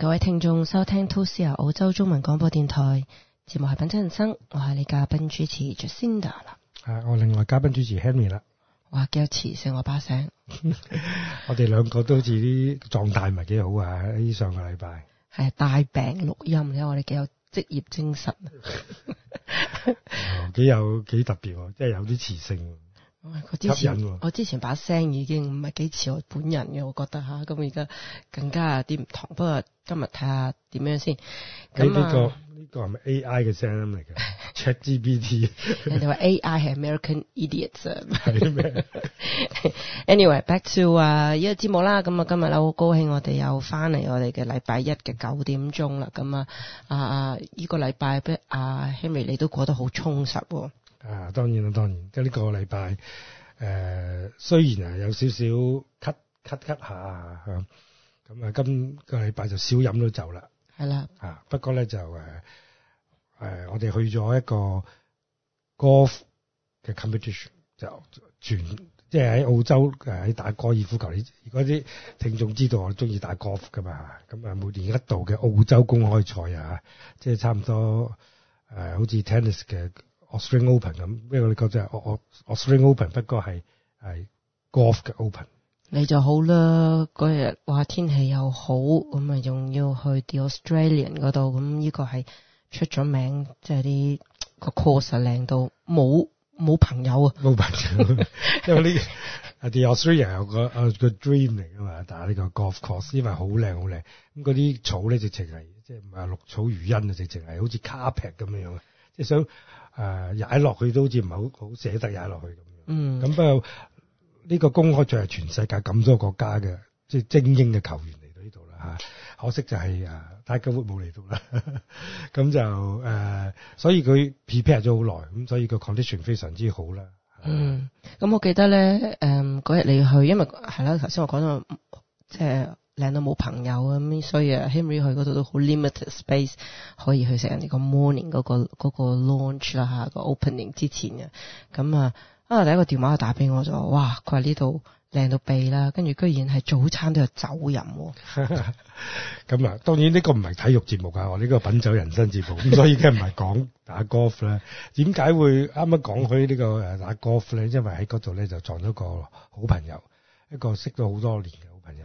各位聽眾，收聽 2CR 澳洲中文廣播電台節目係品酒人生，我係你嘉賓主持 Jacinda 啦，係我另外嘉賓主持 Henry 啦。哇，幾有磁性聲 我把聲。我哋兩個都好似啲狀態唔係幾好啊，喺上個禮拜。係大病錄音咧，我哋幾有職業精神。 哦，幾有幾特別，即係有啲磁性。我之前、啊、我之前把聲已經唔係幾似我本人嘅，我覺得吓，咁而家更加有啲唔同。不過今日睇下點樣先。呢、這個呢、這個係咪 A I 嘅聲音嚟嘅？Chat GPT。 -G -B 人哋話 A I 係 American Idiots，係咩 ？Anyway，back to 啊、uh, 呢個節目啦。咁啊今日咧好高興，我哋又翻嚟我哋嘅禮拜一嘅九點鐘啦。咁啊啊呢個禮拜啊 Henry 你都過得好充實。啊，當然啦，當然。咁呢個禮拜誒，雖然啊有少少咳咳咳下，咁啊今個禮拜就少飲咗酒啦，係啦。啊，不過咧就誒誒、呃，我哋去咗一個 Golf 嘅 competition，就全即係喺澳洲誒喺、呃、打高爾夫球。你啲聽眾知道我中意打 Golf 噶嘛，咁啊每年一度嘅澳洲公開賽啊，即係差唔多誒、呃，好似 Tennis 嘅。Australian Open 咁，呢個你覺得係澳 Australian Open，不過係係 golf 嘅 Open。你就好啦，嗰日話天氣又好，咁啊仲要去啲 Australian 嗰度，咁呢個係出咗名，即係啲個 course 靚到冇冇朋友啊！冇朋友， 因為呢、這、啲、個、Australian 有個啊個 dream 嚟噶嘛，打呢個 golf course，因為好靚好靚，咁嗰啲草咧直情係即係唔係綠草如茵啊，直情係好似 carpet 咁樣樣啊即係想誒、呃、踩落去都好似唔係好好捨得踩落去咁樣。嗯。咁不過呢個公開賽係全世界咁多國家嘅，即係精英嘅球員嚟到呢度啦嚇。可惜就係誒，大家會冇嚟到啦。咁就誒、呃，所以佢 prepare 咗好耐，咁所以個 condition 非常之好啦。嗯。咁我記得咧，誒嗰日你去，因為係啦，頭先我講到即係。呃靚到冇朋友咁，所以啊，Henry 去嗰度都好 limited space 可以去食人哋個 morning 嗰個嗰個 launch 啦，吓個 opening 之前啊，咁啊啊第一個電話就打俾我就話，哇，佢話呢度靚到痹啦，跟住居然係早餐都有酒飲咁啊。 當然呢個唔係體育節目啊，我、這、呢個品酒人生節目咁， 所以梗係唔係講打 golf 咧。點解會啱啱講佢呢個誒打 golf 咧？因為喺嗰度咧就撞到個好朋友，一個識咗好多年嘅好朋友。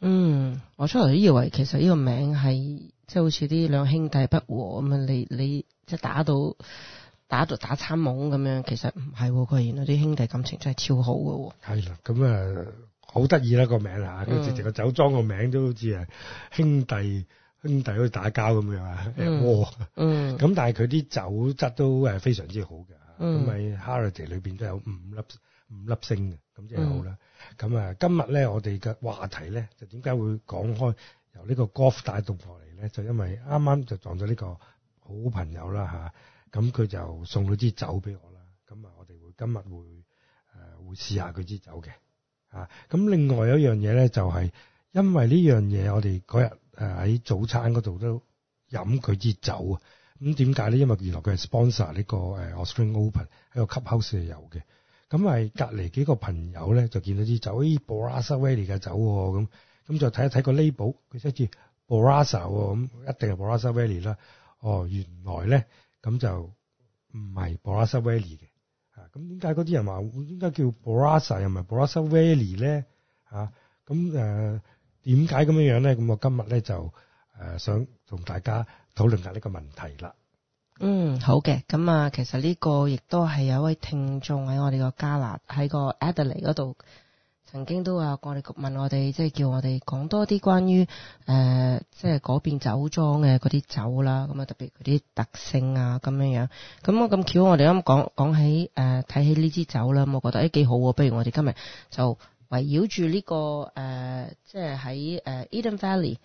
嗯，我初頭都以為其實呢個名係即係好似啲兩兄弟不和咁啊，你你即係打，打到打到打餐懵咁樣，其實唔係，佢原來啲兄弟感情真係超好噶，哦。係、哎、啦，咁啊好得意啦個名啊，佢直直個酒莊個名都好似啊兄弟兄弟好似打交咁樣啊，誒、嗯、咁、哦嗯、 但係佢啲酒質都誒非常之好嘅，咁、嗯、咪 Halliday 裏邊都有五粒五粒星嘅。咁即係好啦。咁 啊，嗯、今日咧我哋嘅話題咧，就點解會講開由呢個 Golf 帶動落嚟咧？就因為啱啱就撞到呢個好朋友啦。咁佢就送咗支酒俾我啦。咁啊，我哋會今日會試下佢支酒嘅咁、啊、另外有一樣嘢咧，就係、是、因為呢樣嘢，我哋嗰日喺早餐嗰度都飲佢支酒啊。咁點解咧？因為原來佢係 sponsor 呢個誒 Australian Open 喺個 Clubhouse 有嘅。咁係隔離幾個朋友呢，就見到啲酒，哎 Barossa Valley 嘅酒喎、哦，咁咁就睇一睇個 label，佢即寫住 Barossa 喎，咁一定係 Barossa Valley 啦。哦，原來呢，咁就唔係 Barossa Valley 嘅。嚇，咁點解嗰啲人話點解叫 Barossa 又唔係 Barossa Valley 咧？嚇、啊，咁誒點解咁樣樣咧？咁我今日呢，就、呃、想同大家討論下呢個問題啦。嗯，好嘅，咁啊，其實呢個亦都係有一位聽眾喺我哋個加拿喺個 Adelaide 嗰度，曾經都話過我哋問我哋即係叫我哋講多啲關於誒即係嗰邊酒莊嘅嗰啲酒啦，咁啊特別嗰啲特性啊咁樣樣咁我咁巧，我哋啱講講起誒睇、呃、起呢支酒啦，咁我覺得誒、欸、幾好喎、啊，不如我哋今日就圍繞住呢個誒即係喺 Eden Valley 誒、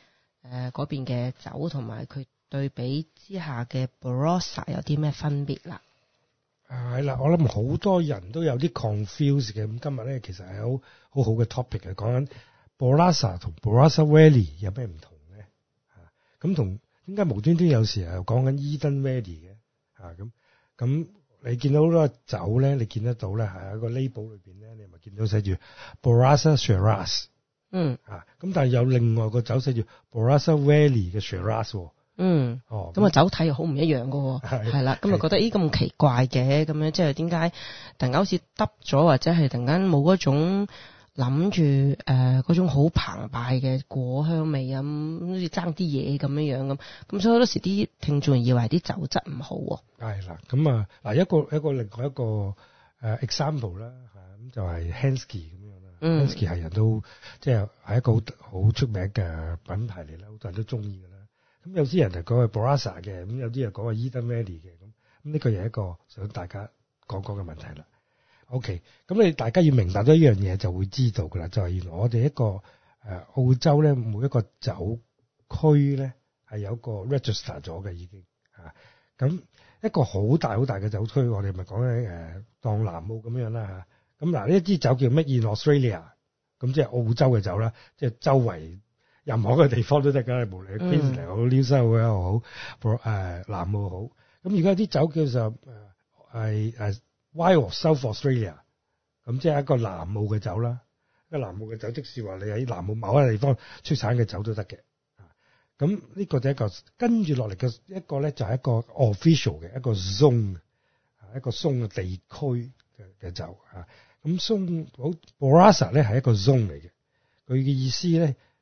呃、嗰邊嘅酒同埋佢。對比之下嘅 Barossa 有啲咩分別啦？係、啊、啦，我諗好多人都有啲 confuse 嘅。咁今日咧，其實係好好嘅 topic 嘅講緊 Barossa 同 Barossa Valley 有咩唔同咧？咁同點解無端端有時又講緊 Eden Valley 嘅？咁咁你見到個酒咧，你見得到咧係一個 label 裏面咧，你咪見到寫住 Barossa Shiraz。嗯。咁、嗯啊，但係有另外個酒寫住 Barossa Valley 嘅 Shiraz 喎。嗯，哦咁啊、嗯，酒體又好唔一樣噶，係啦，咁啊，就覺得咦咁奇怪嘅咁樣，即係點解突然間好似耷咗，或者係突然間冇一種諗住誒種好澎湃嘅果香味咁，好似爭啲嘢咁樣樣咁，咁所以好多時啲聽眾以為啲酒質唔好係啦。咁啊嗱，一個一個另外一個誒 example 啦，咁就係、是、Henschke 咁樣啦。嗯 Henschke 係人都即係係一個好好出名嘅品牌嚟啦，好多人都中意噶咁有啲人就講係 Barossa 嘅，咁有啲人講係 Eden Valley 嘅，咁咁呢個又係一個想大家講講嘅問題啦。OK，咁你大家要明白咗呢樣嘢就會知道噶啦，就係、是、原來我哋一個誒澳洲咧每一個酒區咧係有個 register 咗嘅已經嚇，咁一個好大好大嘅酒區，我哋咪講緊誒，當南澳咁樣啦嚇，咁嗱呢一支酒叫乜 In Australia，咁即係澳洲嘅酒啦，即係周圍。任何嘅地方都得㗎，無論好，New South Wales 好，誒南澳好。咁而家啲酒叫做係係 Why South Australia，咁即係一個南澳嘅酒啦。一個南澳嘅酒，即使話你喺南澳某一個地方出產嘅酒都得嘅。咁呢個就一個跟住落嚟嘅一個咧，就係一個 official 嘅一個 zone，一個 zone 地區嘅嘅酒嚇。咁 zone 好 Barossa 咧係一個 zone 嚟嘅，佢嘅意思咧。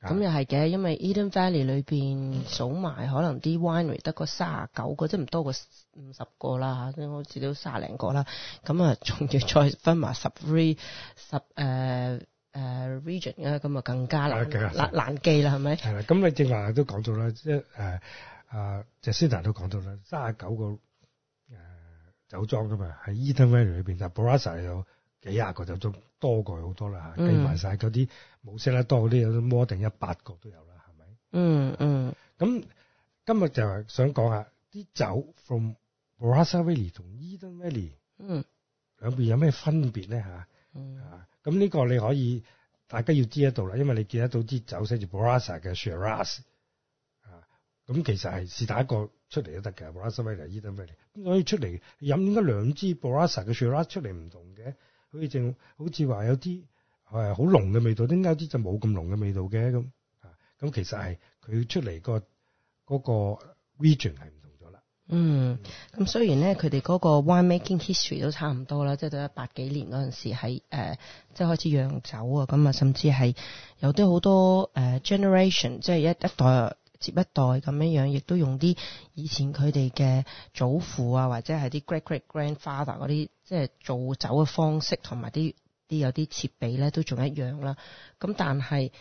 咁又係嘅，因為 Eden Valley 裏邊數埋可能啲 winery 得個三啊九個，即唔多過五十個啦嚇，即好似都三零個啦。咁啊，仲要再分埋十 three 十 region 啊，咁啊更加難、啊、難記啦，係咪？係啦。咁你正話都講到啦，即係誒啊，就先頭都講到啦，三啊九個誒酒莊㗎嘛，喺 Eden Valley 裏邊，但 Barossa 有幾廿個酒莊多過好多啦嚇，計埋曬嗰啲。冇識啦，多啲，有摩定一百個都有啦，係咪？嗯、mm、嗯 -hmm. 啊。咁今日就係想講下啲酒 from Barossa Valley 同 Eden Valley，嗯、mm -hmm.，兩邊有咩分別咧吓，mm -hmm. 啊，咁呢個你可以大家要知得到啦，因為你見得到啲酒寫住 Barossa 嘅 Shiraz，啊，咁其實係是試打一個出嚟都得嘅 Barossa Valley、Eden Valley，咁可以出嚟飲咗兩支 Barossa 嘅 Shiraz 出嚟唔同嘅，好似正好似話有啲。係好濃嘅味道，點解啲就冇咁濃嘅味道嘅咁？咁其實係佢出嚟個嗰個 region 係唔同咗啦。嗯，咁雖然咧佢哋嗰個 wine making history 都差唔多啦，即係得一百幾年嗰陣時喺即係開始釀酒啊，咁啊甚至係有啲好多誒 generation，即係一一代接一代咁樣樣，亦都用啲以前佢哋嘅祖父啊，或者係啲 great great grandfather 嗰啲，即係做酒嘅方式同埋啲。啲有啲設備咧都仲一樣啦，咁但係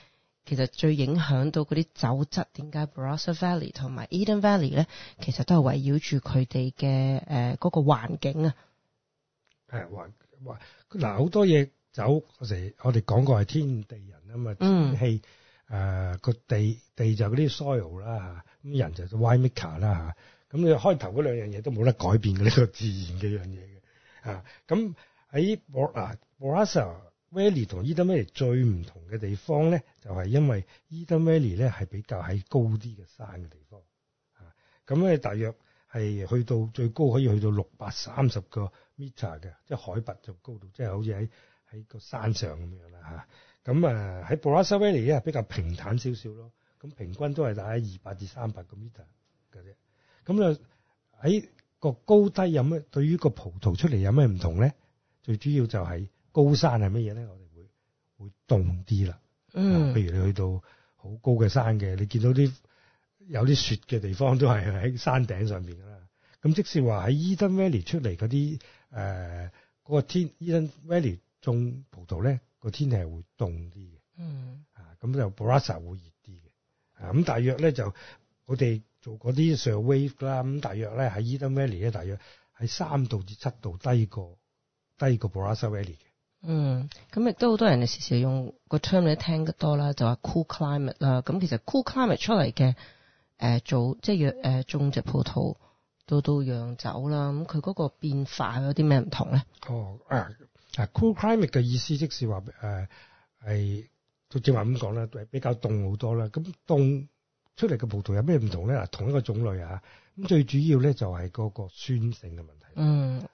其實最影響到嗰啲酒質點解 Barossa Valley 同埋 Eden Valley 咧，其實都係圍繞住佢哋嘅誒嗰個環境啊。係環嗱好多嘢酒，我哋我哋講過係天地人、嗯嗯、啊嘛，天氣誒個地地就嗰啲 soil 啦嚇，咁人就到 winemaker 啦、啊、嚇，咁、啊、你開頭嗰兩樣嘢都冇得改變嘅呢、這個自然嘅樣嘢嘅啊咁。啊啊啊喺博 Barossa Valley 和同 Eden Valley 最唔同嘅地方咧，就係、是、因為 Eden Valley 咧係比較喺高啲嘅山嘅地方咁咧，啊、大約係去到最高可以去到六百三十個 meter 嘅，即、就是、海拔就高度，即、就、係、是、好似喺喺個山上咁樣啦，咁啊，喺 Barossa Valley 咧比較平坦少少咯，咁平均都係大喺二百至三百個 meter 嘅啫。咁啊喺個高低有咩對於個葡萄出嚟有咩唔同咧？最主要就係高山係乜嘢咧？我哋會會凍啲啦。嗯，譬如你去到好高嘅山嘅，你見到啲有啲雪嘅地方都係喺山頂上邊噶啦。咁即使話喺 Eden Valley 出嚟啲誒個天 Eden Valley 種葡萄咧，個天氣係會凍啲嘅。嗯、mm. 啊，啊咁就 Barossa 會熱啲嘅。啊咁大約咧就我哋做啲 Shiraz 啦。咁大約咧喺 Eden Valley 咧，大約喺三度至七度低過。第二個 Barossa Valley 嘅。嗯，咁亦都好多人時時用個 term 嚟聽得多啦，就話 cool climate 啦。咁其實 cool climate 出嚟嘅誒做即係誒種植葡萄到到釀酒啦。咁佢嗰個變化有啲咩唔同咧？哦，誒、啊、誒，cool climate 嘅意思即是話誒係，就正話咁講啦，比較凍好多啦。咁凍出嚟嘅葡萄有咩唔同咧？嗱，同一個種類啊，咁最主要咧就係嗰個酸性嘅問題。嗯。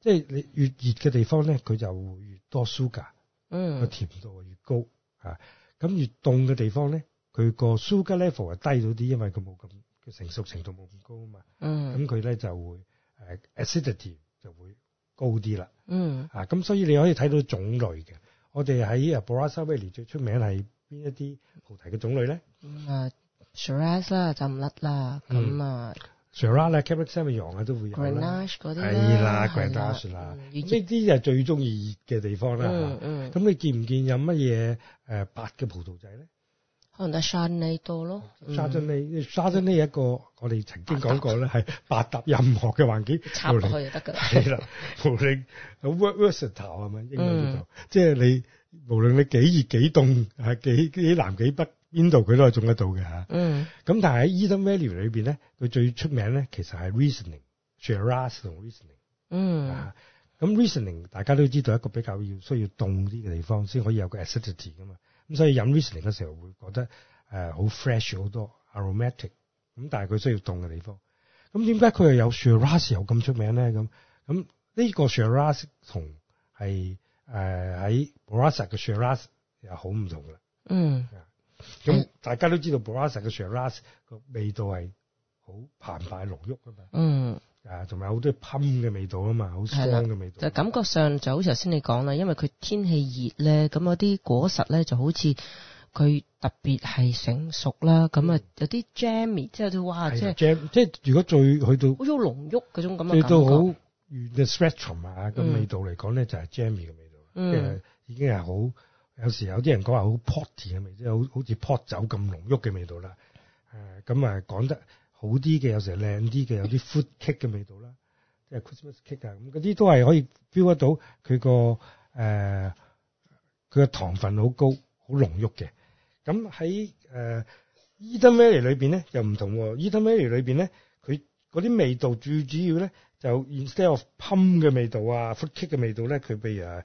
即係你越熱嘅地方咧，佢就會越多 sugar，個甜度越高嚇。咁、嗯啊、越凍嘅地方咧，佢個 sugar level 係低咗啲，因為佢冇咁嘅成熟程度冇咁高、嗯、啊嘛。咁佢咧就會誒、uh, acidity 就會高啲啦。嚇、嗯、咁、啊、所以你可以睇到種類嘅。我哋喺啊 Barossa Valley 最出名係邊一啲葡萄嘅種類咧？啊，Shiraz 啦，就唔甩啦，咁啊。Chardonnay Cabernet Sauvignon 啊都會有啦，係啦 Grenache 嗱，呢啲係最中意熱嘅地方啦。咁、嗯嗯啊、你見唔見有乜嘢誒白嘅葡萄仔咧？可能得、嗯、沙鎮尼多咯，沙鎮尼沙鎮尼呢，一個我哋曾經講過咧，係百搭任何嘅環境插落去就得㗎。係 啦，無論很 w o r versatile 係咪即係你無論你幾熱幾凍幾幾南幾北。印度佢都係種得到嘅，吓，咁、嗯、但係喺 Eden Valley 裏邊咧，佢最出名咧，其實係 Riesling、Shiraz 同 Riesling。嗯、咁、啊、Riesling 大家都知道一個比較要需要凍啲嘅地方，先可以有個 acidity 噶嘛。咁所以飲 Riesling 嘅時候會覺得誒好、呃、fresh 好多 aromatic，咁但係佢需要凍嘅地方。咁點解佢又有 Shiraz 又咁出名咧？咁，咁呢個 Shiraz、呃、同係誒喺 Barossa 嘅 Shiraz 又好唔同嘅。嗯。啊咁、嗯、大家都知道 Barossa 嘅 Shiraz 個味道係好澎湃濃郁噶嘛，嗯，誒、啊，同埋好多噴嘅味道啦嘛，好香嘅味道。很的味道的嗯、就是、感覺上就好似頭先你講啦，因為佢天氣熱咧，咁嗰啲果實咧就好似佢特別係成熟啦，咁啊有啲 Jammy，即係哇，即、嗯、係、就是就是、Jam，即係如果最去到，好似濃郁嗰種咁嘅感覺。去到好 The Spectrum 啊，咁、嗯、味道嚟講咧就係 Jammy 嘅味道，即、嗯、係已經係好。有時有啲人講話好 potty 嘅味，即係好好似 pot 酒咁濃郁嘅味道啦。咁、呃、啊，講、嗯、得好啲嘅，有時靚啲嘅，有啲 food kick 嘅味道啦，即係 Christmas kick 啊。咁嗰啲都係可以 feel 得到佢個誒佢個糖分好高，好濃郁嘅。咁喺誒 Eden Valley 裏面咧，又唔同喎、哦。Eden Valley 裏面咧，佢嗰啲味道最主要咧，就 instead of pump 嘅味道啊，food kick 嘅味道咧，佢譬如啊。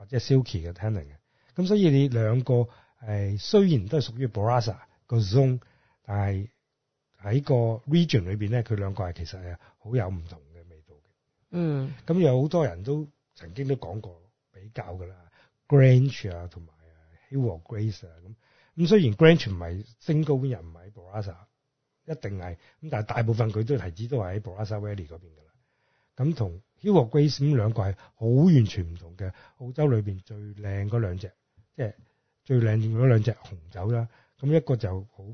或者 silky 嘅 tannin 嘅，咁所以你兩個係雖然都係屬於 Barossa 個 zone，但係喺個 region 裏邊咧，佢兩個係其實係好有唔同嘅味道嘅。嗯，咁有好多人都曾經都講過比較㗎啦，Grange 啊同埋 Hill of Grace 咁。咁雖然 Grange 唔係升高嘅人，唔喺 Barossa，一定係咁，但係大部分佢都係指都係喺 Barossa Valley 嗰邊㗎啦。咁同 Grange 和 Grace 咁兩個係好完全唔同嘅，澳洲裏面最靚嗰兩隻，即係最靚嗰兩隻紅酒啦。咁一個就好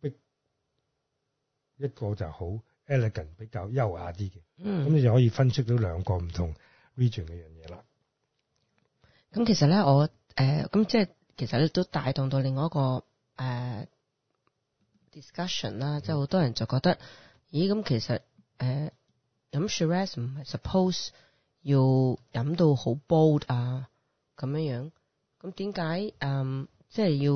big，一個就好 elegant，比較優雅啲嘅。咁、嗯、你就可以分出到兩個唔同 region 嘅樣嘢啦。咁其實咧，我咁、呃、即係其實咧都帶動到另外一個誒、呃、discussion 啦、嗯，即係好多人就覺得，咦咁其實誒。呃飲 shiraz 唔係 suppose 要飲到好 bold 啊咁樣樣，咁點解誒即係要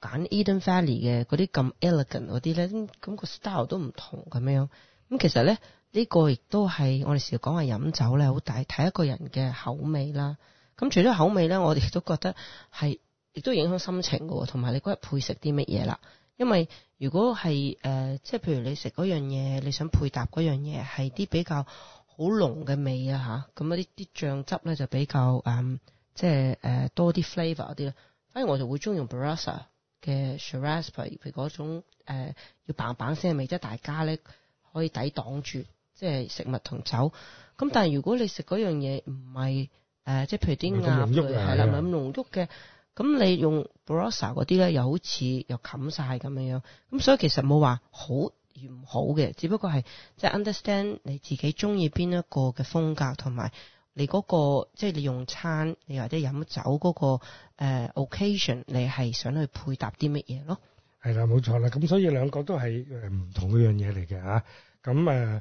揀 Eden Valley 嘅嗰啲咁 elegant 嗰啲咧？咁個 style 都唔同咁樣。咁其實咧呢個亦都係我哋成日講話飲酒咧好大，睇一個人嘅口味啦。咁除咗口味咧，我哋都覺得係亦都影響心情㗎喎，同埋你嗰日配食啲乜嘢啦。因為如果係誒，即、呃、係譬如你食嗰樣嘢，你想配搭嗰樣嘢係啲比較好濃嘅味啊吓。咁一啲啲醬汁咧就比較誒、呃，即係誒、呃、多啲 flavour 啲啦。反而我就會中意用 Barossa 嘅 Shiraz 譬如嗰種、呃、要棒棒聲嘅味，即係大家咧可以抵擋住即係食物同酒。咁但係如果你食嗰樣嘢唔係誒，即係譬如啲鴨類係啦，咁濃郁嘅。是的。咁你用 Barossa 嗰啲咧，又好似又冚晒咁樣樣。咁所以其實冇話好與唔好嘅，只不過係即係 understand 你自己中意邊一個嘅風格，同埋你嗰、那個即係、就是、你用餐，你或者飲酒嗰個 occasion，你係想去配搭啲乜嘢咯？係啦，冇錯啦。咁所以兩個都係唔同嘅樣嘢嚟嘅嚇。咁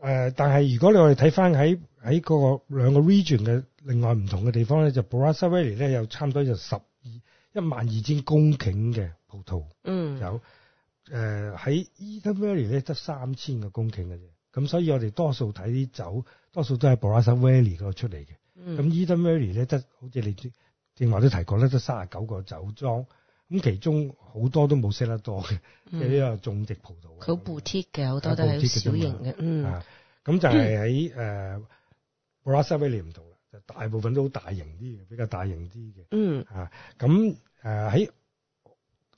誒、呃，但係如果你我哋睇翻喺喺嗰個兩個 region 嘅另外唔同嘅地方咧，就 Barossa Valley 咧有差唔多就十二一萬二千公頃嘅葡萄，嗯，呃、呢有誒喺 Eden Valley 咧得三千個公頃嘅啫，咁所以我哋多數睇啲酒，多數都係 Barossa Valley 嗰度出嚟嘅，咁、嗯、Eden Valley 咧得好似你正話都提過咧，得三十九個酒莊。咁其中好多都冇識得多嘅，即係啲啊種植葡萄。好 boutique 嘅好多都係小型嘅，嗯。咁、嗯啊、就係喺誒，Barossa Valley 唔同啦，就大部分都好大型啲嘅，比較大型啲嘅，嗯。啊，咁誒喺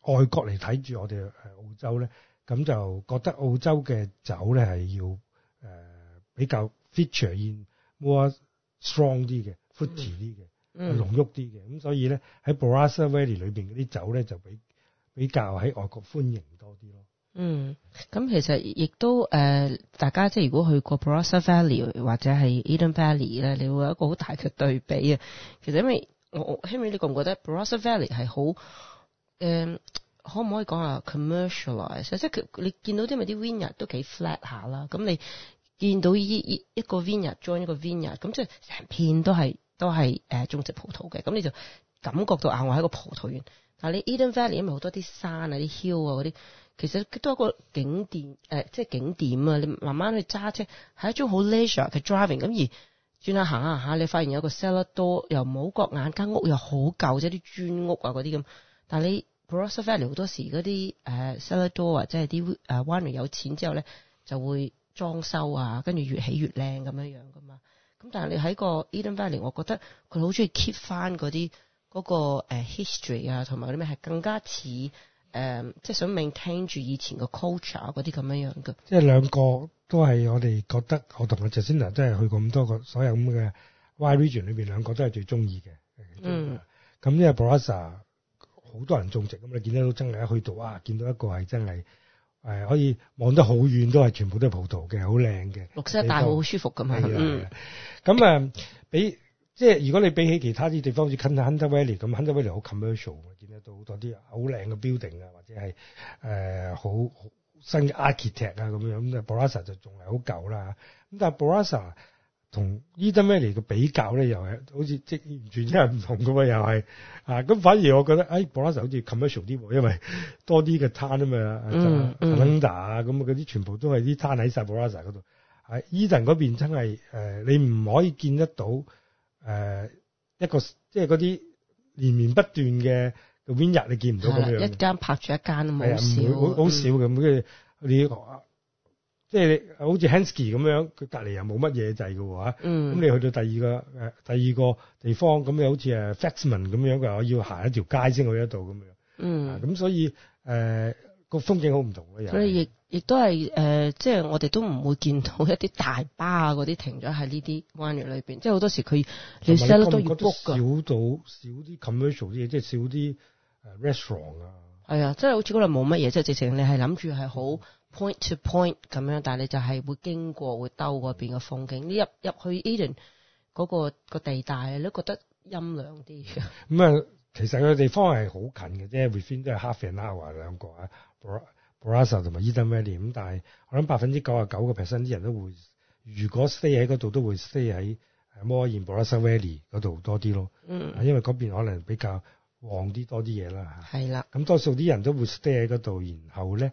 外國嚟睇住我哋誒澳洲咧，咁就覺得澳洲嘅酒咧係要誒、呃、比較 feature in more strong 啲嘅，futty 啲嘅。嗯濃郁啲嘅，咁所以咧喺 Barossa Valley 裏邊嗰啲酒咧就比比較喺外國歡迎多啲咯。嗯，咁其實亦都誒，大家即係如果去過 Barossa Valley 或者係 Eden Valley 咧，你會有一個好大嘅對比啊。其實因為我我希望你覺唔覺得 Barossa Valley 係好誒，可唔可以講下 commercialize？即係你見到啲咪啲 vine 都幾 flat 下啦。咁你見到依一個 vine join 一個 vine 咁，即係成片都係。都係誒種植葡萄嘅，咁你就感覺到啊，我係一個葡萄園。但係你 Eden Valley 因為好多啲山啊、啲 hill 啊嗰啲，其實都係一個景點，即係、呃就是、景點啊。你慢慢去揸車，係一種好 leisure 嘅 driving。咁而轉下行下下，你發現有個 cellar door，又唔好覺眼，間屋又好舊啫，啲磚屋啊嗰啲咁。但係你 Barossa Valley 好多時嗰啲 cellar door 啊，即係啲誒 winery 有錢之後咧，就會裝修啊，跟住越起越靚咁樣樣噶嘛。咁但係你喺個 Eden Valley，我覺得佢好中意 keep 翻嗰啲嗰個 history 啊，同埋啲咩係更加似、呃、即係想 maintain 住以前個 culture 嗰啲咁樣樣嘅。即係兩個都係我哋覺得，我同阿 Jacinda 都係去過咁多個所有咁嘅 wine region 裏邊，兩個都係最中意嘅。嗯。咁因為 Barossa 好多人種植，咁你見得到都真係一去到，啊，見到一個係真係。係可以望得好遠，都係全部都係葡萄嘅，好靚嘅，綠色一大好舒服噶嘛。咁啊、嗯嗯，比即係如果你比起其他啲地方，好似 Hunter Hunter Valley 咁，Hunter Valley 好 commercial，見得到好多啲好靚嘅 building 啊，或者係誒好新嘅 architect 啊咁樣，咁啊博拉薩就仲係好舊啦。咁但係博拉同 Eden 咩嚟個比較咧，又係好似即完全真係唔同噶嘛，又係啊，咁反而我覺得哎 Barossa 好似 commercial 啲，因為多啲嘅 town 啊嘛 Tanunda 啊咁嗰啲全部都係啲 town 喺晒 Barossa 嗰度，喺 Eden 嗰邊真係誒你唔可以見得到誒、呃、一個即係嗰啲連綿不斷嘅 vineyard 你見唔到咁樣，一間拍住一間，嘛，好少，好少咁跟住即係好似 Hensky 咁樣，佢隔離又冇乜嘢滯嘅喎嗯。咁你去到第二個、呃、第二個地方，咁又好似誒 Festman 咁樣嘅，我要行一條街先去得到咁樣。嗯。咁、啊、所以誒個、呃、風景好唔同嘅，所以亦亦都係誒，即、呃、係、就是、我哋都唔會見到一啲大巴啊，嗰啲停咗喺呢啲灣嶺裏面。嗯、即係好多時佢你 sell 都要 book 㗎。都少到少啲 commercial 啲嘢，即係少啲 restaurant 啊。係、哎、啊，即係好似嗰度冇乜嘢，即係直情你係諗住係好。嗯 point to point 咁樣，但係你就係會經過會兜嗰邊嘅風景。你入入去 Eden 嗰個個地帶，你都覺得陰涼啲。咁、嗯、啊，其實個地方係好近嘅，即 係 within 都係 half an hour 兩個啊 Barossa 同埋 Eden Valley。咁但係我諗百分之九啊九個 percent 啲人都會，如果 stay 喺嗰度都會 stay 喺 more in Barossa Valley 嗰度多啲咯。嗯，因為嗰邊可能比較旺啲多啲嘢啦吓。係啦。咁多數啲人都會 stay 喺嗰度，然後咧。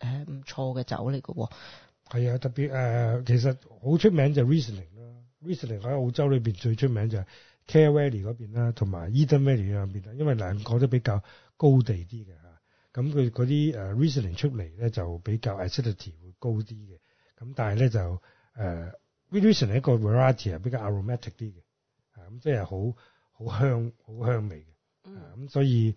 誒唔錯嘅酒嚟嘅喎，係啊，特別誒、呃，其實好出名就 Riesling 啦，Riesling 喺澳洲裏邊最出名就係 Clare Valley 嗰邊啦，同埋 Eden Valley 嗰邊啦，因為兩個都比較高地啲嘅嚇，咁佢嗰啲誒 Riesling 出嚟咧就比較 acidity 會高啲嘅，咁但係咧就誒、呃、Riesling 一個 variety 係比較 aromatic 啲嘅，啊咁即係好好香好香味嘅，咁、嗯、所以。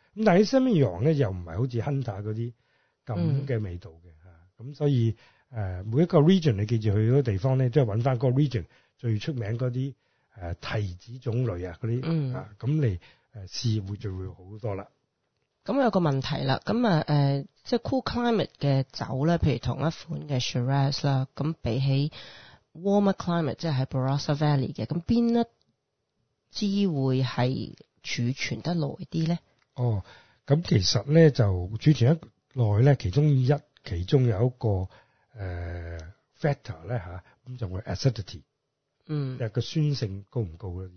咁但係啲 Semillon 咧又唔係好似 Hunter 嗰啲咁嘅味道嘅、嗯、嚇，咁所以誒每一個 region 你記住去嗰個地方咧，都係揾翻個 region 最出名嗰啲誒提子種類啊嗰啲啊咁嚟試會就會好很多啦、嗯。咁有個問題啦，咁啊誒，即係 cool climate 嘅酒咧，譬如同一款嘅 Shiraz 啦，咁比起 warmer climate 即係喺 Barossa Valley 嘅，咁邊一支會係儲存得耐啲咧？哦，咁其實咧就儲存一耐咧，其中一其中有一個 factor、呃、咧、啊、咁就會 acidity，嗯，誒個酸性高唔高咧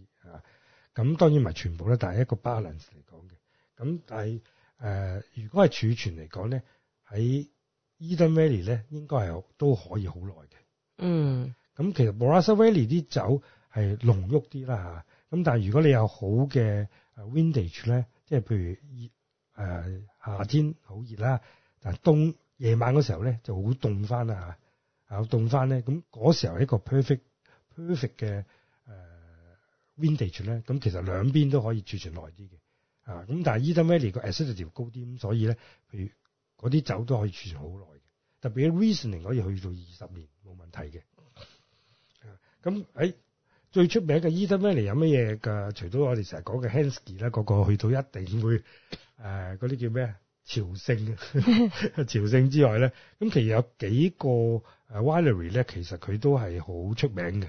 咁、啊、當然唔係全部咧，但係一個 balance 嚟講嘅。咁但係、呃、如果係儲存嚟講咧，喺 Eden Valley 咧，應該係都可以好耐嘅。嗯，咁其實 Barossa Valley 啲酒係濃郁啲啦，咁但係如果你有好嘅 vintage 咧。即係譬如熱誒夏天好熱啦，但係冬夜晚嗰時候咧就好凍翻啦嚇，有凍翻咧，咁嗰時候係一個 perfect perfect 嘅誒 vintage 咧，咁其實兩邊都可以儲存耐啲嘅嚇，咁但係 Eden Valley 個 acidity 高啲，咁所以咧，譬如嗰啲酒都可以儲存好耐，嘅。特別 Riesling 可以去到二十年冇問題嘅，咁喺。哎最出名嘅 Eden Valley 有乜嘢㗎？除咗我哋成日講嘅 Henschke 啦，個個去到一定會誒嗰啲叫咩啊？朝聖，呵呵 朝聖之外咧，咁其實有幾個誒 winery 咧，其實佢都係好出名嘅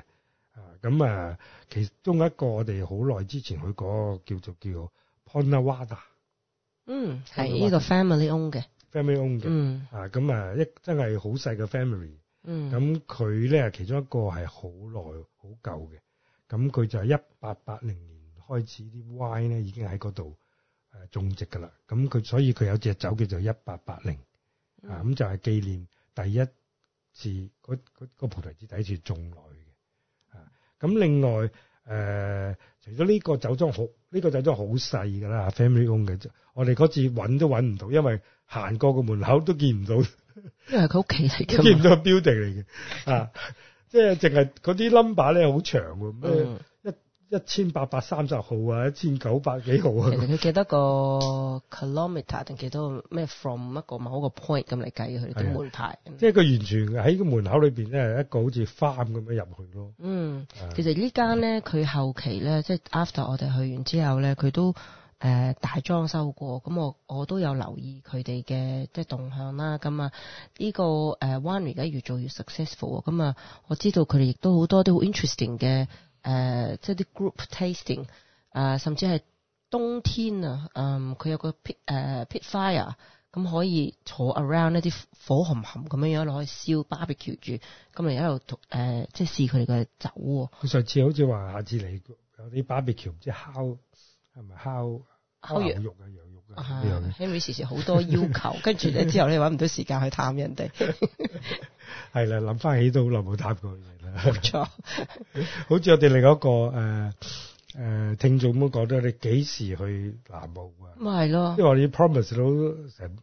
啊！咁啊，其中一個我哋好耐之前去過叫做叫做 Poonawatta，嗯，係呢個 family own 嘅，family own 嘅，嗯啊，咁啊一真係好細嘅 family，嗯，咁佢咧其中一個係好耐好舊嘅。咁佢就係一八八零年開始啲 Y 咧已經喺嗰度誒種植噶啦，咁佢所以佢有隻酒叫做一八八零啊，咁就係、是、紀念第一次嗰嗰個葡萄枝第一次種落去嘅啊。咁另外誒、呃，除咗呢個酒莊好，呢、呢個酒莊好細噶、這、啦、個、family-owned 嘅，我哋嗰次揾都揾唔到，因為行過個門口都見唔到，因為佢屋企嚟嘅， 見唔到 building 嚟嘅啊。 即係淨係嗰啲 number 咧好長喎，咩一一千八百三十號啊，一千九百幾號啊。嗯、其實佢記得個 kilometer 定 記得個咩 from 一個某個 point 咁嚟計佢啲門牌、嗯。即係佢完全喺個門口裏邊咧，一個好似 farm 咁樣入去咯。嗯，其實間呢間咧，佢、嗯、後期咧，即係 after 我哋去完之後咧，佢都。誒、呃，大裝修過，咁我我都有留意佢哋嘅即係動向啦。咁啊，呢個誒 winery 而家越做越 successful 喎。咁啊，我知道佢哋亦都好多啲好 interesting 嘅誒、呃，即係啲 group tasting 啊、呃，甚至係冬天啊，嗯、呃，佢有個 pit、呃、pit fire，咁可以坐 around 一啲火熊熊咁樣樣攞去燒 barbecue 住，咁你一路讀、呃、即係試佢哋嘅酒。佢上次好似話下次嚟啲 barbecue 唔知烤。係咪烤烤，肉烤羊肉啊？羊肉啊？係 Henry 時時好多要求，跟住咧之後咧，搵唔到時間去探人哋。係 啦，諗翻起都過 好耐冇探佢啦。冇錯，好似我哋另一個誒誒、呃、聽眾咁講，你幾時去南澳啊？咁係咯，即我哋 promise 到成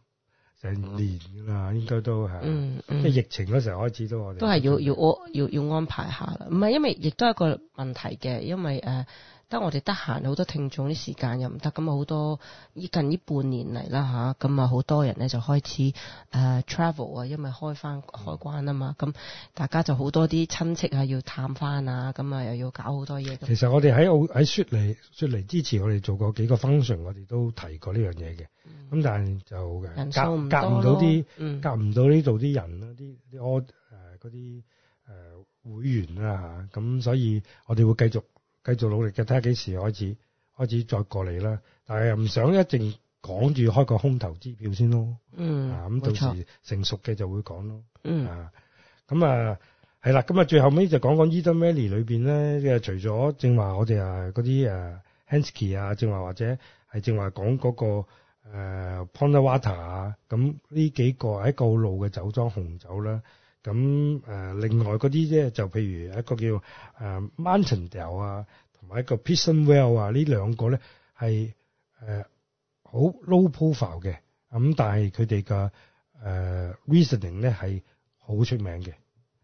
成年啦，應該都係。即係疫情嗰時候開始都我哋都係要要安要要，要安排一下啦。唔係因為亦都係一個問題嘅，因為誒。呃得我哋得閒，好多聽眾啲時間又唔得，咁啊好多依近呢半年嚟啦嚇，咁啊好多人咧就開始誒 travel 啊，因為開翻開關啊嘛，咁、嗯、大家就好多啲親戚啊要探翻啊，咁啊又要搞好多嘢。其實我哋喺喺雪梨，雪梨之前我哋做過幾個 function，我哋都提過呢樣嘢嘅，咁、嗯、但係就夾唔到啲，夾、嗯、唔到呢度啲人啦，啲啲我誒嗰啲會員啦嚇，咁所以我哋會繼續。繼續努力嘅，睇下幾時開始開始再過嚟啦。但係又唔想一直講住開個空頭支票先咯。嗯，啊，咁到時成熟嘅就會講咯。嗯，啊、咁、嗯嗯、啊係啦。咁、嗯、啊最後尾就講講 Eden Valley 裏邊咧嘅，除咗正話我哋啊嗰啲啊 Hensky 啊，正話或者係正話講嗰個誒、呃、Poonawatta 啊，咁、嗯、呢、嗯、幾個喺一個好老嘅酒莊紅酒啦。咁誒、呃、另外嗰啲咧就譬如一個叫誒、呃、Mountain dell 啊，同埋一個 Pisonwell 啊，兩呢兩個咧係誒好 low profile 嘅，咁但係佢哋嘅、呃、Riesling 咧係好出名嘅。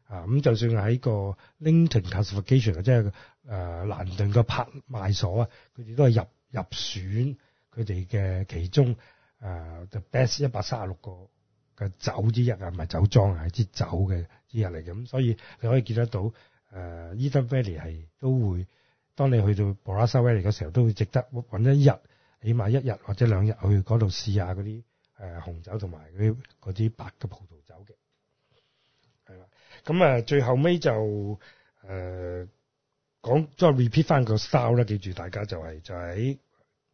啊，咁就算喺個 Langton's Classification 啊，即係誒蘭頓嘅拍賣所啊，佢哋都係入入選佢哋嘅其中誒、呃、the best 一百三十六個。嘅酒之日啊，唔係酒莊啊，係啲酒嘅之日嚟嘅，咁所以你可以見得到，Eden Valley 係都會，當你去到 Barossa Valley 嘅時候，都會值得揾一日，起碼一日或者兩日去嗰度試下嗰啲誒紅酒同埋嗰啲啲白嘅葡萄酒嘅，係啦，咁啊最後尾就誒、呃、講再 repeat 翻個 style 啦，記住大家就係就喺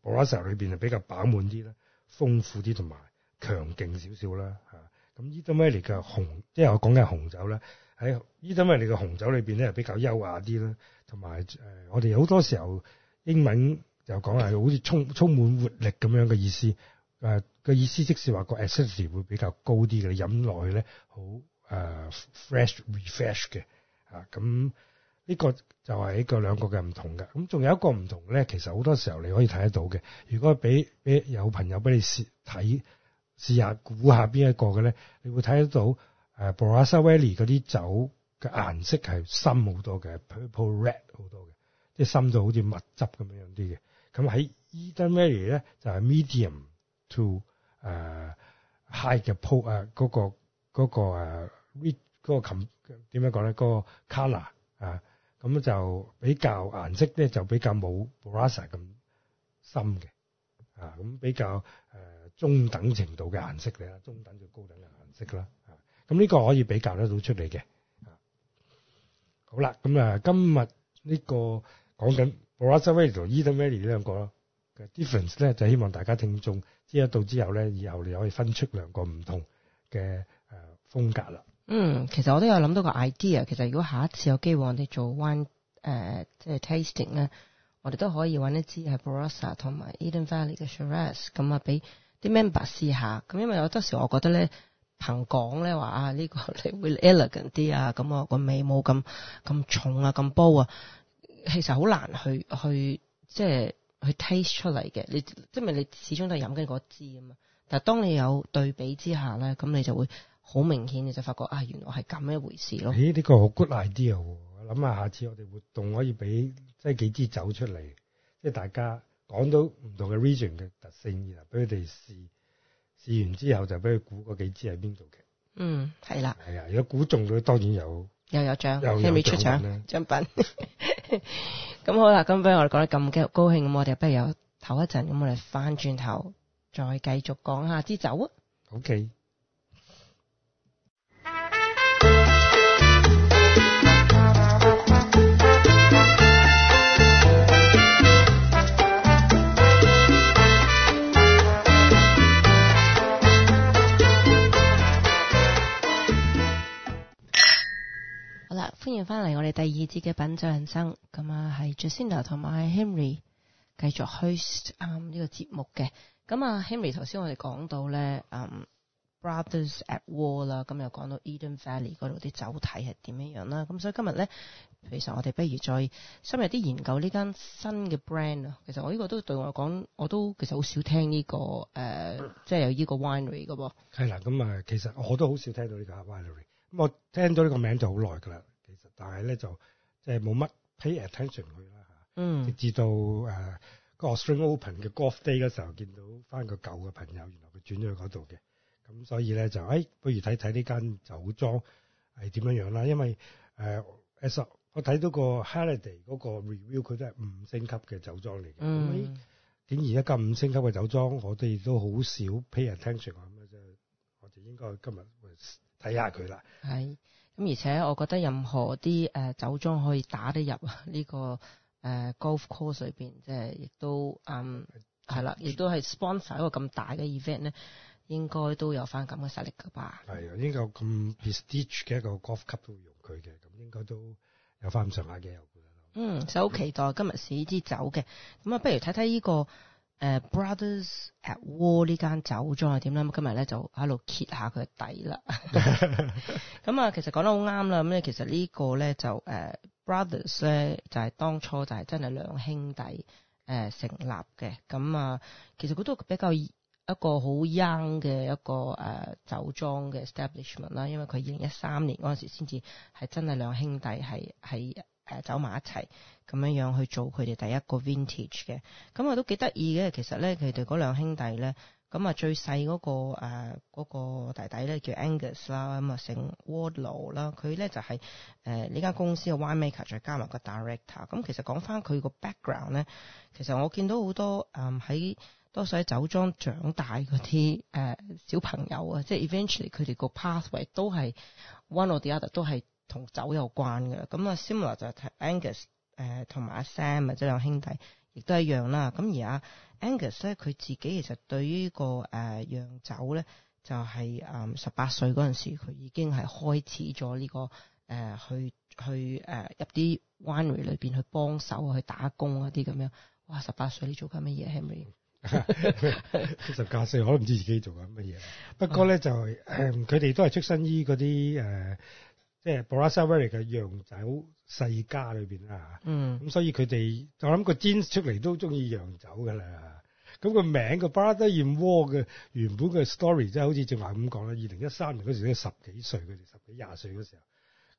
Barossa 裏邊就比較飽滿啲啦，豐富啲同埋。強勁少少啦嚇，咁 Eden Valley 嘅紅，即係我講嘅紅酒啦。喺 Eden Valley 嘅紅酒裏邊咧，比較優雅啲啦，同埋誒我哋好多時候英文就講係好似充充滿活力咁樣嘅意思，誒、呃、個意思即是話個 acidity 會比較高啲嘅，你飲落去咧好誒 fresh refresh 嘅，嚇咁呢個就係一個兩個嘅唔同嘅，咁仲有一個唔同咧，其實好多時候你可以睇得到嘅，如果俾俾有朋友俾你試睇。試下估下邊一個嘅咧，你會睇得到誒 Barossa Valley 嗰啲酒嘅顏色係深好多嘅，purple red 好多嘅，即係深到好似墨汁咁樣樣啲嘅。咁喺 Eden Valley 咧就係 medium to 誒 high 嘅 po 個嗰個嗰個誒 red 嗰個琴點樣講咧嗰個 color 啊，咁、啊嗯、就比較顏色咧就比較冇 Barossa 咁深嘅啊，咁比較誒。呃中等程度嘅顏色嘅啦，中等就高等嘅顏色啦，咁、嗯、呢、這個可以比較得到出嚟嘅，好啦，咁、嗯、啊，今日呢、這個講緊 Barossa Valley 同 Eden Valley 呢兩個咯，嘅 difference 咧就希望大家聽眾知得到之後咧，以後你可以分出兩個唔同嘅誒風格啦。嗯，其實我都有諗到個 idea，其實如果下一次有機會我哋做 one 即、呃就是、tasting 咧，我哋都可以揾一支係 Barossa 同埋 Eden Valley 嘅 Shiraz 咁啊俾。啲 member 試下，咁因為有陣時，我覺得咧憑講咧話啊呢個你會 elegant 啲啊，咁我個味冇咁咁重啊，咁煲啊，其實好難去去即係去 taste 出嚟嘅。你即係你始終都係飲緊嗰支啊嘛？但係當你有對比之下咧，咁你就會好明顯你就發覺啊，原來係咁一回事咯。咦？呢個好 good idea 喎！我諗下下次我哋活動可以俾即係幾支酒出嚟，即係大家。講到唔同嘅 region 嘅特性，然後俾佢哋試，試完之後就俾佢估嗰幾支喺邊度嘅。嗯，係啦。係啊，如果估中咗，當然有，又有獎，又有，又未出獎獎品。咁 好啦，今日我哋講得咁高高興，咁我哋不如有唞一陣，咁我哋翻轉頭，頭 再繼續講下支酒啊。OK。翻嚟，我哋第二節嘅品酒人生咁啊，係 Jacinda 同埋 Henry 繼續 host 啱呢個節目嘅。咁啊，Henry 頭先我哋講到咧，Brothers at War 啦，咁又講到 Eden Valley 嗰度啲酒體係點樣樣啦。咁所以今日咧，其實我哋不如再深入啲研究呢間新嘅 brand 咯。其實我呢個都對我嚟講，我都其實好少聽呢、這個誒，即、呃、係、就是、有呢個 Winery 噶喎。係啦，咁啊，其實我都好少聽到呢個 Winery。咁我聽到呢個名就好耐噶啦。但係咧就即係冇乜 pay attention 佢啦嚇。直至到誒 Golf Spring Open 嘅 Golf Day 嗰時候，見到返個舊嘅朋友，原來佢轉咗去嗰度嘅。咁所以咧就誒、哎、不如睇睇呢間酒莊係點樣樣啦，因為誒、呃、As a, 我睇到個 Halliday 嗰個 review 佢都係五星級嘅酒莊嚟嘅。咁竟然一間五星級嘅酒莊我哋都好少 pay attention 我咁樣就，我就應該今日睇下佢啦。係。咁而且我覺得任何啲誒酒莊可以打得入呢個誒 golf course 裏邊，即係亦都嗯係啦，亦都係 sponsor 一個咁大嘅 event 咧，應該都有翻咁嘅實力噶吧？係啊，應該咁 prestige 嘅一個 golf cup 都會用佢嘅，咁應該都有翻咁上下嘅有嘅咯。嗯，好、嗯嗯嗯嗯、期待今日試支酒嘅，咁啊，不如睇睇呢個。誒、uh,，Brothers at War 間莊呢間酒莊係點咧？今日咧就喺度揭下佢底啦。咁啊，其實講得好啱啦。咁咧，其實個呢個咧就誒、uh,，Brothers 咧就係當初就係真係兩兄弟誒、呃、成立嘅。咁啊，其實佢都比較一個好 young 嘅一個誒酒莊嘅 establishment 啦。因為佢二零一三年嗰陣時先至係真係兩兄弟係喺。誒走埋一齊咁樣樣去做佢哋第一個 vintage 嘅，咁啊都幾得意嘅。其實咧，佢哋嗰兩兄弟咧，咁啊最細嗰、嗰個誒嗰、嗰個弟弟咧叫 Angus 啦，咁啊姓 Wardlaw 啦，佢咧就係誒呢間公司嘅 winemaker 再加埋個 director。咁其實講翻佢個 background 咧，其實我見到好多誒喺、嗯、多數喺酒莊長大嗰啲誒小朋友啊，即係 eventually 佢哋個 pathway 都係 one or the other 都係。同酒有關嘅咁啊，similar 就係 Angus 誒同埋阿 Sam 即係兩兄弟，亦都一樣啦。咁而阿 Angus 咧，佢自己其實對於、這個誒釀、呃、酒咧，就係誒十八歲嗰陣時，佢已經係開始咗呢、這個誒、呃、去去誒、呃、入啲 winery 裏邊去幫手啊，去打工嗰啲咁樣。哇！十八歲你做緊乜嘢，Henry？十八歲可能唔知自己做緊乜嘢。不過咧，嗯、就誒佢哋都係出身於嗰啲誒。呃即係 Barossa Valley 嘅洋酒世家裏邊啊，咁、嗯嗯、所以佢哋我諗個 James 出嚟都中意洋酒㗎啦。咁個名個 Brothers At War 嘅原本嘅 story 即係好似正話咁講啦。二零一三年嗰時都十幾歲，佢哋十幾廿歲嗰時候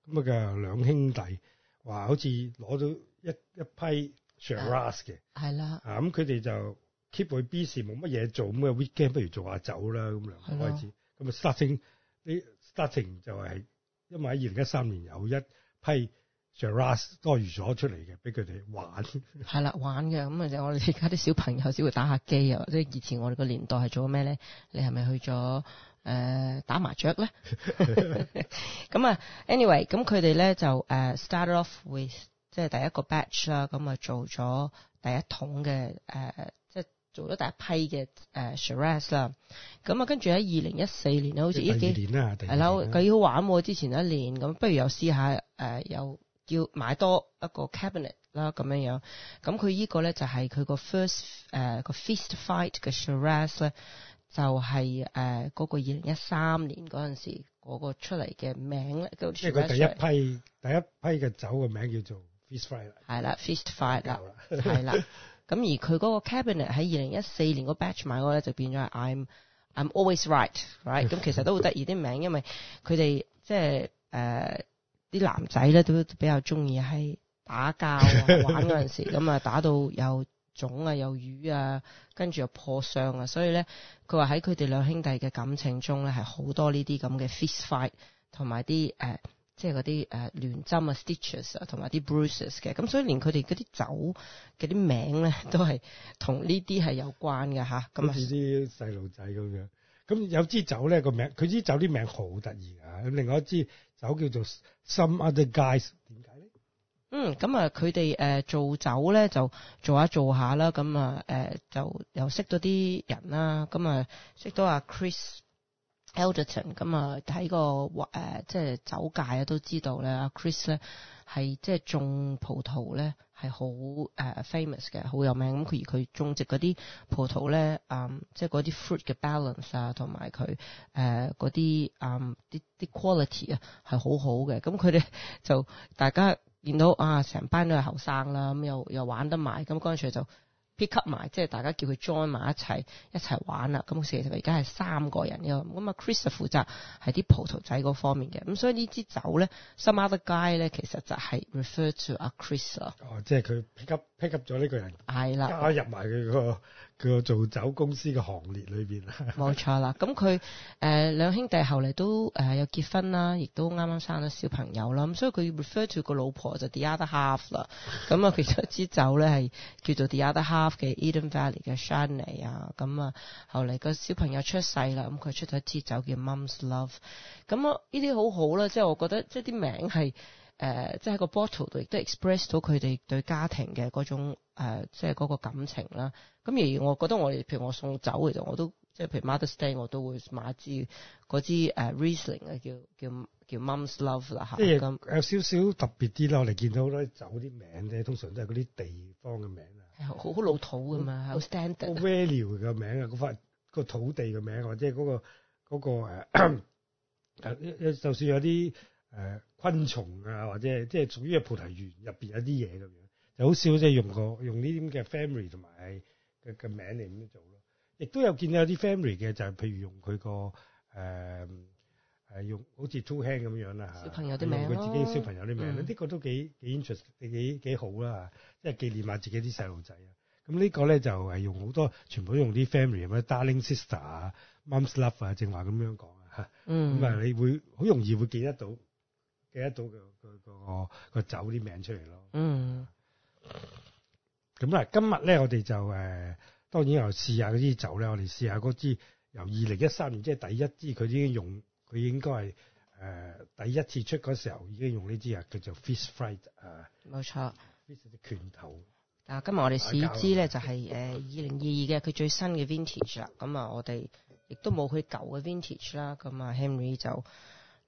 咁啊，那個、兩兄弟話好似攞咗一一批 Shiraz 嘅係啦，咁佢哋就 keep 佢 B 市冇乜嘢做咁啊、那個、，weekend 不如做下酒啦，咁兩個開始咁啊、那個、，starting 呢 starting 就係、是。因為喺二零一三年有一批 grapes 多餘咗出嚟嘅，俾佢哋玩。係啦，玩嘅咁啊！就我哋而家啲小朋友先會打下機啊。即係以前我哋個年代係做咩咧？你係咪去咗誒、呃、打麻雀咧？咁 啊 ，anyway，咁佢哋咧就誒 start off with 即係第一個 batch 啦。咁啊，做咗第一桶嘅誒。呃做咗第一批嘅誒 shiraz 啦，咁啊跟住喺二零一四年咧，好似係啦，佢要玩喎！之前一年咁，不如又試下誒，又要買多一個 cabinet 啦咁樣樣。咁佢呢個咧就係佢、uh, 個 first 誒個 fist fight 嘅 shiraz 咧，就係誒嗰個二零一三年嗰陣時嗰個出嚟嘅名咧。即係佢第一批第一批嘅酒嘅名叫做 fist fight 啦。係啦，fist fight 啦，係啦。 咁而佢嗰個 cabinet 喺二零一四年個 batch 買嗰咧就變咗係 I'm I'm always right，right 咁 right? 其實都好得意啲名，因為佢哋即係誒啲男仔咧都比較中意喺打交玩嗰陣時，咁 啊打到有腫啊有瘀啊，跟住又破相啊，所以咧佢話喺佢哋兩兄弟嘅感情中咧係好多呢啲咁嘅 fist fight 同埋啲誒。呃即係嗰啲誒亂針啊 stitches 啊，同埋啲 bruises 嘅，咁所以連佢哋嗰啲酒嗰啲名咧都係同呢啲係有關嘅吓，咁啊啲細路仔咁樣，咁有支酒咧個名，佢支酒啲名好得意啊，咁另外一支酒叫做 Some Other Guys，點解咧？嗯，咁啊佢哋誒做酒咧就做下做下啦，咁啊誒就又識咗啲人啦，咁啊識到阿 Chris。Elderton 咁啊，睇個誒即係酒界啊，都知道咧，阿 Chris 咧係即係種葡萄咧係好誒 famous 嘅，好有名的。咁佢而佢種植嗰啲葡萄咧，嗯，即係嗰啲 fruit 嘅 balance、嗯、啊，同埋佢誒嗰啲嗯啲啲 quality 啊係好好嘅。咁佢哋就大家見到啊，成班都係後生啦，咁又又玩得埋，咁嗰陣時就。pick up 埋，即係大家叫佢 join 埋一齊，一齊玩啦。咁其實，而家係三個人呢？咁啊，Chris 負責係啲葡萄仔嗰方面嘅。咁所以呢支酒咧，some other guy 咧，其實就係 refer to 阿 Chris 咯。哦，即係佢 pick up pick up 咗呢個人，啦加入埋佢個，叫做酒公司嘅行列裏邊啦，冇錯啦。咁佢誒兩兄弟後嚟都誒有、呃、結婚啦，亦都啱啱生咗小朋友啦。咁所以佢 refer to 個老婆就 the other half 啦。咁 啊，佢第一支酒咧係叫做 the other half 嘅 Eden Valley 嘅 Shiraz 啊。咁啊，後嚟個小朋友出世啦，咁佢出咗一支酒叫 Mum's Love。咁啊，呢啲好好啦，即係我覺得即係啲名係。誒、呃，即係喺個 bottle 度亦都 express 到佢哋對家庭嘅嗰種即係嗰個感情啦。咁而我覺得我哋，譬如我送酒其實我都，即係譬如 Mother’s Day 我都會買一支嗰支誒 Riesling 啊，叫叫叫 Mum’s Love 啦、嗯、嚇。即、嗯、係有少少特別啲啦，我哋見到好多酒啲名咧，通常都係嗰啲地方嘅名啊，好好老土噶嘛，好 standard 很 value。Valley 嘅名啊，嗰塊個土地嘅名或者嗰、嗰個嗰、嗰個 就算有啲。誒、呃、昆蟲啊，或者即係屬於嘅葡萄園入邊一啲嘢咁樣，就好少即係用個用呢啲咁嘅 family 同埋嘅嘅名嚟咁樣做咯。亦都有見到有啲 family 嘅，就係、是、譬如用佢個誒誒用好似 Two Hands 咁樣啦嚇，小朋友啲名佢、啊、自己小朋友啲名咧呢，嗯，這個都幾幾 interesting 幾幾幾好啦、啊、即係紀念下自己啲細路仔啊。咁、嗯、呢個咧就係用好多全部都用啲 family 咁嘅 Darling Sister 啊、mom's love 啊，正話咁樣講啊嚇。咁啊，嗯、你會好容易會記得到。記得到佢個個酒啲名出嚟咯。嗯。咁啊，今日咧我哋就誒，當然又試下嗰支酒咧。我哋試下嗰支由二零一三年，即係第一支，佢已經用，佢應該係誒第一次出嗰時候已經用呢支啊。叫做 Fist Fight 啊。冇錯。Fist 的拳頭。嗱，今日我哋試支咧就係誒二零二二嘅佢最新嘅 Vintage 啦。咁啊，我哋亦都冇去舊嘅 Vintage 啦。咁啊，Henry 就。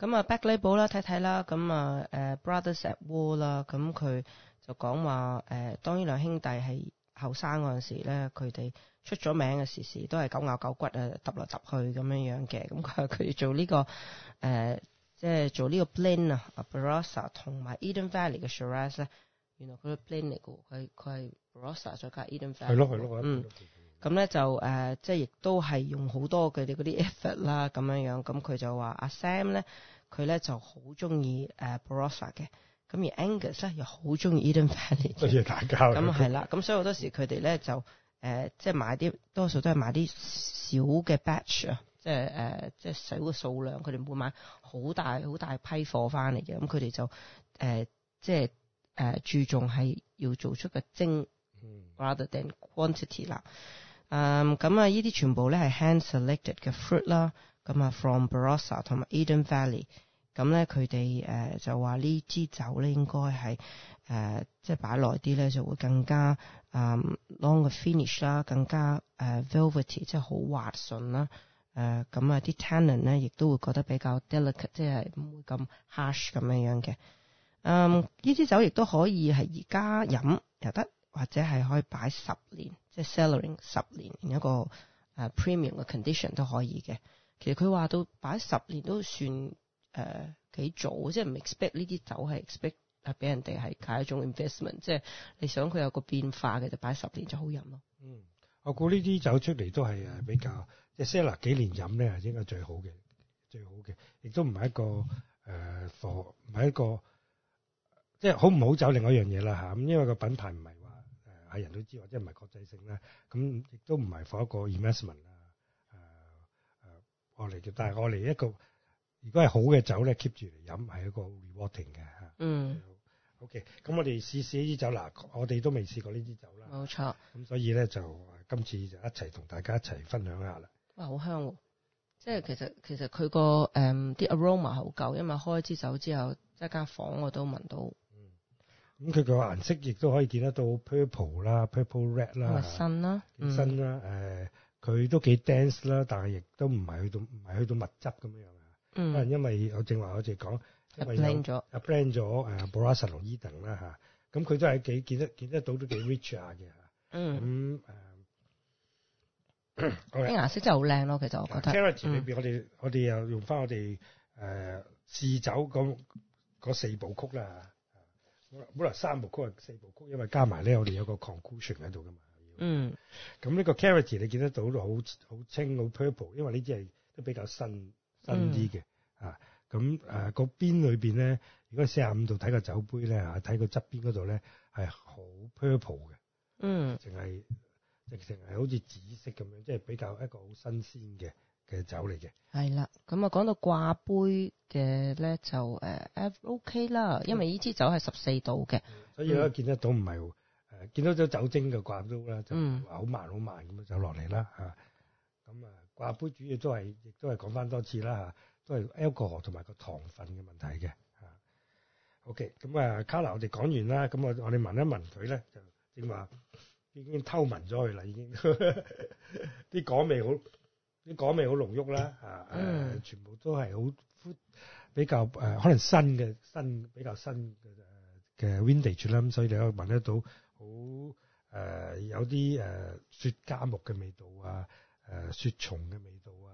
咁啊 back label 啦，睇睇啦，咁啊，Brothers at War 啦，咁佢就講話誒，當呢兩兄弟係後生嗰陣時咧，佢哋出咗名嘅時時都係狗咬狗骨啊，揼嚟揼去咁樣嘅，咁佢佢做呢、這個誒，即、呃、係、就是、做呢個 blind 啊 Barossa 同埋 Eden Valley 嘅 Shiraz 咧，原來佢 blind 嚟嘅佢佢 Barossa 再加 Eden Valley。係咯係咯。嗯。咁咧就誒、呃，即係亦都係用好多佢哋嗰啲 effort 啦，咁樣樣。咁佢就話阿、啊、Sam 咧，佢咧就好中意誒 Barossa 嘅。咁而 Angus 又好中意 Eden Valley。家、 啊。咁係啦。咁所以好多時佢哋咧就、呃、即係買啲多數都係買啲小嘅 batch 啊、呃，即係誒，即係小嘅數量。佢哋唔會買好大好大批貨翻嚟嘅。咁佢哋就、呃、即係誒、呃、注重係要做出嘅精，rather than quantity 啦。嗯，咁啊，呢啲全部咧係 hand selected 嘅 fruit 啦，咁啊 from Barossa 同埋 Eden Valley，咁咧佢哋誒就話呢支酒咧應該係誒即係擺耐啲咧就會更加嗯 long 嘅 finish 啦，更加誒 velvety 即係好滑順啦，誒咁啊啲 tannin 咧亦都會覺得比較 delicate，即係唔會咁 harsh 咁樣樣嘅。嗯，呢支酒亦都可以係而家飲又得，或者係可以擺十年。即係 selling 十年一個 premium 嘅 condition 都可以嘅，其實佢話到擺十年都算誒、呃、幾早，即係唔 expect 呢啲酒係 expect 係俾人哋係靠一種 investment，即係你想佢有個變化嘅就擺十年就好飲咯。嗯，我估呢啲酒出嚟都係誒比較即係 sell 幾年飲咧係應該最好嘅，最好嘅，亦都唔係一個誒貨，唔、呃、係一個即係好唔好酒另外一樣嘢啦吓，咁因為個品牌唔係。人都知，或者唔係國際性啦，咁亦都唔係放一個 investment 啊，誒誒，我嚟嘅。但係我嚟一個，如果係好嘅酒咧，keep 住嚟飲係一個 rewarding 嘅嚇。嗯。O K，咁我哋試試呢支酒。嗱，我哋都未試過呢支酒啦。冇錯。咁所以咧就今次就一齊同大家一齊分享下啦。哇！好香喎，即係其實其實佢個誒啲 aroma 好夠，因為開支酒之後，一間房我都聞到。咁佢個顏色亦都可以見得到 purple 啦、purple red 啦，新、嗯、啦、嗯，新啦，誒，佢都幾 dance 啦，但係亦都唔係去到唔係去到物質咁樣樣啊。嗯。可能因為我正話我哋講入 brand 咗，入 brand 咗誒，Barossa 同 Eden 啦嚇，咁佢都係幾見得見得到都幾 rich 下嘅嚇。嗯。咁誒，啲顏色真係好靚咯，其實我覺得。啊、Charity 裏邊我哋、嗯、我哋又用翻我哋誒、呃、試酒嗰四部曲啦。本來，三部曲啊，四部曲，因為加埋咧，我哋有一個 conclusion 喺度噶嘛。嗯。咁呢個 character 你見得到好好清，好 purple，因為呢啲係都比較新新啲嘅、嗯、啊。咁、那、誒個邊裏邊咧，如果四十五度睇個酒杯咧嚇，睇個側邊嗰度咧係好 purple 嘅。嗯。淨係，直情係好似紫色咁樣，即係比較一個好新鮮嘅。嘅酒嚟嘅，係啦。咁啊，講到掛杯嘅咧，就誒 F O K 啦，因為呢支酒係十四度嘅，所以咧見得到唔係，誒見得到酒精嘅掛都啦，就好慢好慢咁樣走落嚟啦嚇。咁啊，掛、嗯、杯主要都係亦都係講翻多次啦嚇，都係 alcohol 同埋個糖分嘅問題嘅嚇。好、OK，嘅，咁啊，卡啦我哋講完啦，咁我我哋聞一聞佢咧，就正話已經偷聞咗佢啦，已經啲 果味好。啲果味好濃郁啦，啊、呃， 全部都係好比較誒、呃，可能新嘅新比較新嘅嘅 vintage 啦，咁、呃、所以你可以聞得到好誒、呃、有啲誒、呃、雪茄木嘅味道，、呃的味道呃 cherry, 嗯、啊，誒雪松嘅味道啊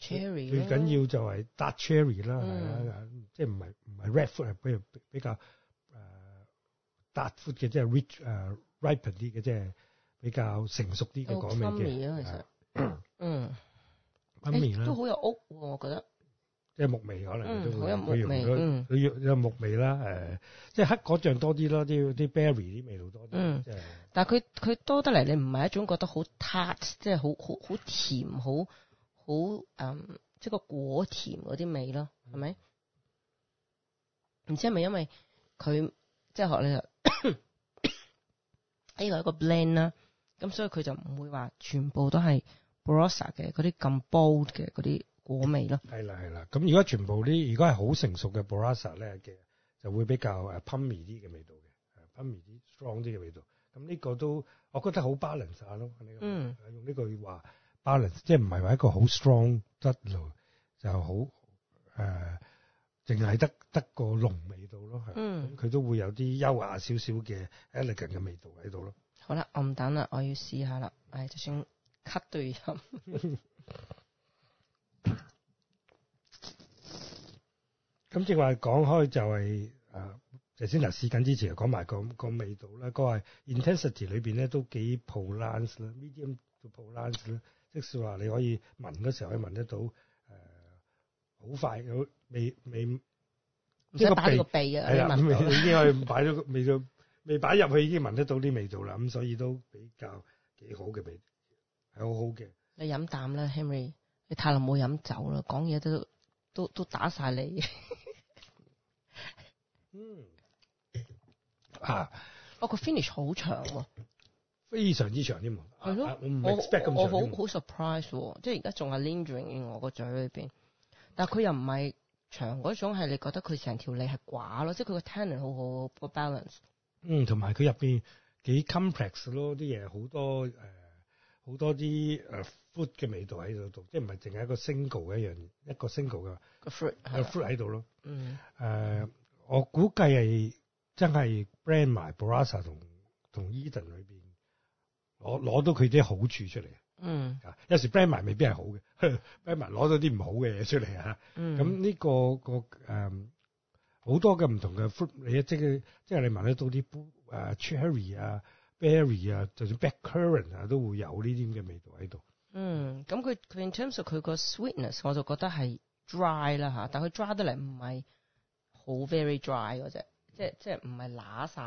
，cherry 最緊要就係 dark cherry 啦，係啊，即係唔係唔係 red fruit 比比較誒、呃、dark 嘅即係 rich 誒、uh, ripen 啲嘅即係。比較成熟啲嘅果味嘅、啊，嗯，ummy 啦，都好、啊、有屋，我覺得，即係木味可能，都、嗯、好有木味，木味，嗯，有、嗯、木味啦，誒，即係黑果醬多啲咯，啲啲 berry 啲味道多啲、嗯，但係佢佢多得嚟，你唔係一種覺得好 tart，即係好好好甜，好好，嗯，即係個果甜嗰啲味咯，係咪？唔、嗯、知係咪因為佢即係學你，呢 個一個 blend 啦、啊。咁所以佢就唔會話全部都係 Barossa 嘅嗰啲咁 bold 嘅嗰啲果味咯。係啦，係啦。咁如果全部啲如果係好成熟嘅 Barossa 咧嘅，就會比較誒 pungy 啲嘅味道嘅 pungy 啲 strong 啲嘅味道。咁呢個都我覺得好 balance 咯。嗯。用呢句話 balance，即係唔係話一個好 strong 就好、呃、淨係得來就好誒，淨係得得個濃味道咯。佢、嗯、都會有啲優雅少少嘅 elegant 嘅味道喺度咯。好啦，我唔等啦，我要試下啦。唉、哎，就算咳對音。咁正話講開就係誒，頭先嗱試緊之前講埋、個、個味道咧，個係 intensity 裏邊咧都幾 pronounced 啦，medium to pronounced 啦，即使話你可以聞嗰時候可以聞得到誒，好、呃、快有味味。叫個鼻個鼻啊！係、哎、啊，已經已經可以擺咗個味咗。 你擺入去已經聞得到啲味道啦，咁所以都比較幾好嘅味，係好好嘅。你飲啖啦，Henry，你太耐冇飲酒啦，講嘢都都都打晒你。 嗯。啊。我、啊、個 finish 好長喎、啊。非常之長添嘛。係咯，我咁我好好 surprise 即係而家仲係 lingering 我個嘴裏邊，但係佢又唔係長嗰種，係你覺得佢成條脷係寡咯，即係佢個 t e n s i 好好個 balance。嗯，同埋佢入邊幾 complex 咯，啲嘢好多誒，好、呃、多啲誒 fruit 嘅味道喺度即係唔係淨係一個 single 嘅一樣一個 single 嘅 fruit 喺度咯。嗯，誒、呃，我估計係真係 brand 埋 Barossa 同同 Eden 裏邊攞攞到佢啲好處出嚟。嗯，有時 brand 埋未必係好嘅，brand 埋攞到啲唔好嘅嘢出嚟嚇、這個。嗯，咁呢個個誒。好多嘅唔同嘅 fruit，你即係即係你聞得到啲誒 cherry 啊、berry 啊，啊，就算 blackcurrant 啊都會有呢啲咁嘅味道喺度。嗯，咁佢佢 in terms of 佢個 sweetness，我就覺得係 dry 啦嚇，但係佢 dry 得嚟唔係好 very dry 嗰、嗯、隻，即係即係唔係乸晒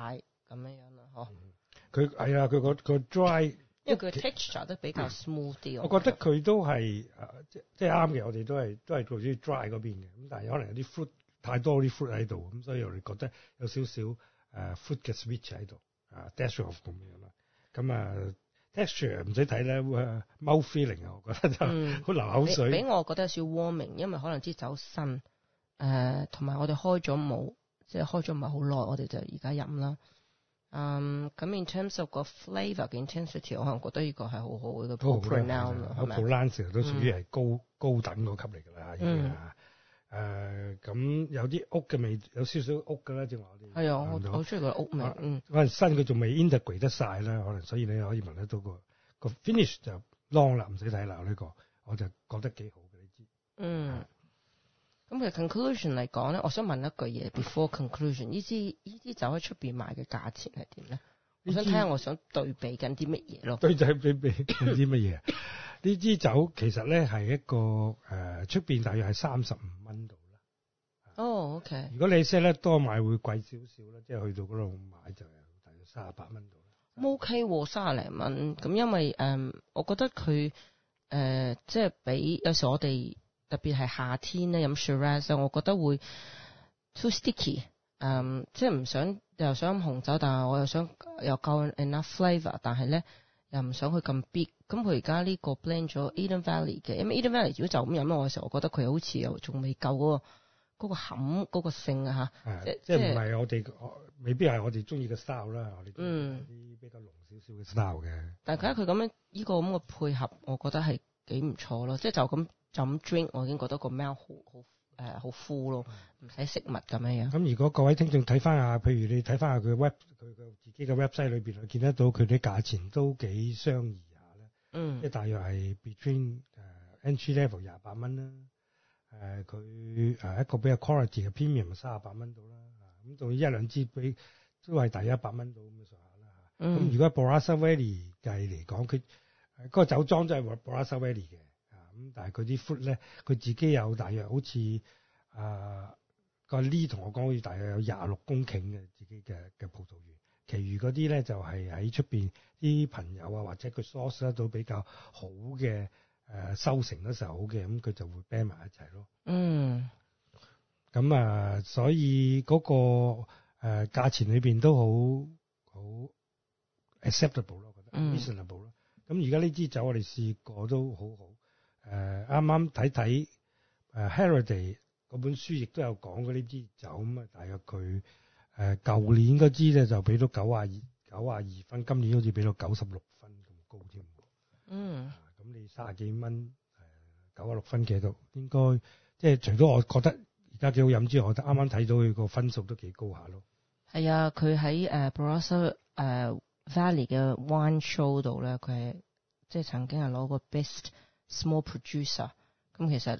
咁樣、嗯、樣咯，嗬、嗯。佢係啊，佢個 dry， 因為佢嘅 texture 都比較 smooth 啲、嗯。我覺得佢都係誒，即即係啱嘅。我哋都係都係做啲 dry 嗰邊嘅，咁但係可能有啲 fruit。太多啲 fruit 喺度，咁所以我哋覺得有少少誒 fruit 嘅 switch 喺度啊 texture 咁樣啦。咁啊 texture 唔使睇咧，mouth feeling 啊，我覺得就好流口水。俾、嗯、我覺得有少 warming，因為可能啲酒新誒，同、呃、埋我哋開咗冇，即係開咗唔係好耐，我哋就而家飲啦。嗯，咁 in terms of 個 flavour intensity，我可能覺得呢個係好好嘅個 pronounce 其都屬於係高、嗯、高等嗰級嚟㗎啦，誒、呃，咁有啲屋嘅味，有少少屋噶啦，正話啲。係啊，我好中意佢屋味，啊、還沒嗯。可能新佢仲未 integrate 得晒啦，可能，所以你可以聞得到個個 finish 就 long 啦，唔使睇啦呢個，我就覺得幾好嘅、嗯，你知道。嗯。咁其實 conclusion 嚟講咧，我想問一句嘢，before conclusion，、嗯、這這呢支依支走喺出邊賣嘅價錢係點咧？我想睇下，我想對比緊啲乜嘢咯。對比比，緊啲乜嘢。 呢支酒其實咧係一個誒出邊，呃、面大約係三十五蚊度啦。哦、oh，OK。如果你 set 得多買，會貴少少啦，即係去到嗰度買就係大約、啊、三十八蚊度啦。OK，三十零蚊。咁因為誒、嗯，我覺得佢誒、呃、即係比有時我哋特別係夏天咧飲 Shiraz，我覺得會 too sticky。嗯，即係唔想又想飲紅酒，但係我又想又夠 enough flavour，但係咧又唔想去咁 big。咁佢而家呢個 blend 咗 Eden Valley 嘅，咁 Eden Valley 如果就咁飲我嘅時候，我覺得佢好似又仲未夠嗰、嗰個嗰冚嗰個性啊！嚇，即即唔係我哋未必係我哋中意嘅 style 啦、嗯，我哋啲比較濃少少嘅 style 嘅、嗯。但係佢佢咁樣呢、呢個咁嘅配合，我覺得係幾唔錯咯。即係就咁就咁 drink，我已經覺得個 l 好好好 full 咯，唔使食物咁樣。咁如果各位聽眾睇翻下，譬如你睇翻下佢 web 佢自己嘅 website 裏面你見得到佢啲價錢都幾相宜。嗯，即 係大約係 between 誒 entry level 廿八蚊啦，誒佢誒一個比較 quality 嘅 premium 三十八蚊到啦，咁仲一兩支俾都係大約一百蚊到咁上下啦嚇。咁 如果 Barossa Valley 計嚟講，佢嗰個酒莊都係 Barossa Valley 嘅，啊咁但係佢啲 fruit 咧，佢自己有大約好似啊、呃那個 Lee 同我講好似大約有廿六公頃嘅自己嘅嘅葡萄園。其餘嗰啲咧就係喺出邊啲朋友啊，或者佢 source 得到比較好嘅誒、呃、收成嘅時候好嘅，咁、嗯、佢就會 band 埋一齊咯。嗯，咁、嗯、啊，所以嗰、那個誒、呃、價錢裏邊都好好 acceptable 咯，我覺得、嗯、reasonable 咯。咁而家呢支酒我哋試過都好好。誒啱啱睇睇誒 Halliday 嗰本書亦都有講過呢支酒咁啊，大概佢。誒舊年嗰支咧就俾咗九啊二九啊二分，今年好似俾到九十六分咁高添。嗯，咁、啊嗯、你三十幾蚊誒九啊六分嘅都應該，即係除咗我覺得而家幾好飲之外，我啱啱睇到佢個分數都幾高下咯。係、嗯、啊，佢喺誒 Barossa 誒 Valley 嘅 Wine Show 度咧，佢係即係曾經係攞過 Best Small Producer、嗯。咁、嗯、其實。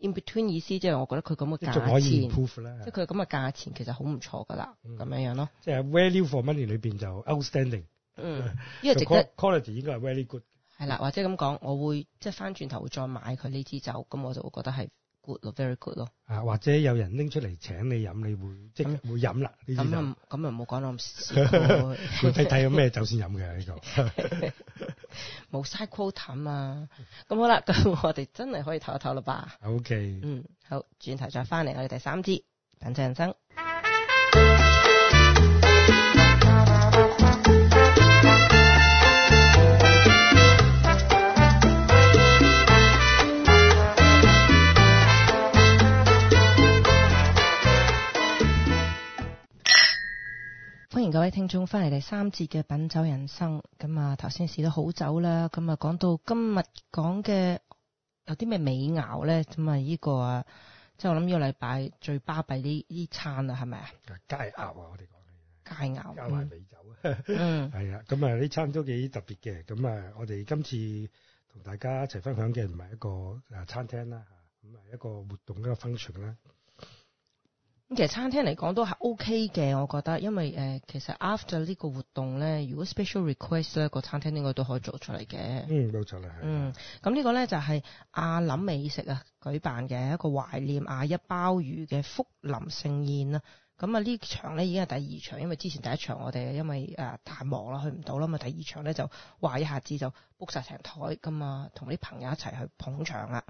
In between 意思即係我覺得佢咁嘅價錢，即係佢咁嘅價錢其實好唔錯㗎啦，咁、嗯、樣樣咯。即係 value for money 裏邊就 outstanding、嗯。因為值得、so、quality 應該係 very good。係啦，或者咁講，我會即係翻轉頭會再買佢呢支酒，咁我就會覺得係 good 咯，very good 咯。啊，或者有人拎出嚟請你飲，你會即係會飲啦呢支酒，咁又唔好冇講咁，要睇睇有咩酒先飲嘅呢個。 我會 冇晒 quota 啊，咁好啦，咁我哋真係可以唞一唞啦吧。OK，嗯，好，轉頭再翻嚟我哋第三節，品酒人生。 各位聽眾，翻嚟第三節嘅品酒人生，咁啊頭先試到好酒啦，咁啊講到今日講嘅有啲咩美肴咧？咁啊依個啊，即係我諗依個禮拜最巴閉呢啲餐啊，係咪啊？佳肴啊，我哋講佳肴。加埋美酒啊，係啊，咁啊呢餐都幾特別嘅，咁啊我哋今次同大家一齊分享嘅唔係一個誒餐廳啦，嚇，咁啊一個活動嘅一個 function 啦。咁其實餐廳嚟講都係 O K 嘅，我覺得，因為其實 after 呢個活動咧，如果 special request 咧，個餐廳應該都可以做出嚟嘅。嗯，冇錯啦，嗯，咁呢個咧就係阿林美食啊舉辦嘅一個懷念阿一鮑魚嘅福臨盛宴啦。咁啊呢場咧已經係第二場，因為之前第一場我哋因為太忙啦，去唔到啦，嘛第二場咧就話一下子就 book 晒成台噶嘛，同啲朋友一齊去捧場啦。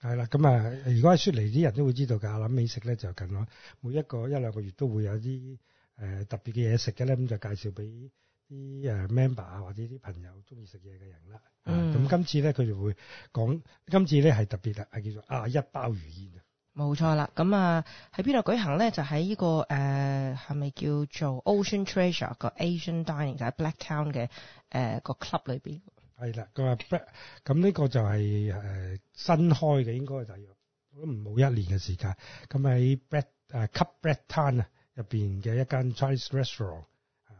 係啦，咁啊，如果喺雪梨啲人都會知道㗎，諗美食咧就近我每一個一兩個月都會有啲誒特別嘅嘢食嘅咧，咁就介紹俾啲誒 member 啊，或者啲朋友中意食嘢嘅人啦。咁、嗯、今次咧佢就會講，今次咧係特別啊，係叫做啊一鮑魚宴啊，冇錯啦。咁啊喺邊度舉行咧？就喺、是、呢、這個誒係咪叫做 Ocean Treasure 個 Asian Dining 就喺 Blacktown 嘅誒、呃那個 club 裏邊。係啦，佢話 Brad 咁呢個就係誒新開嘅，應該就都唔冇一年嘅時間咁喺、嗯、b r、啊、a t 誒 c u p Brad e t t 攤啊入邊嘅一間 Chinese restaurant 啊，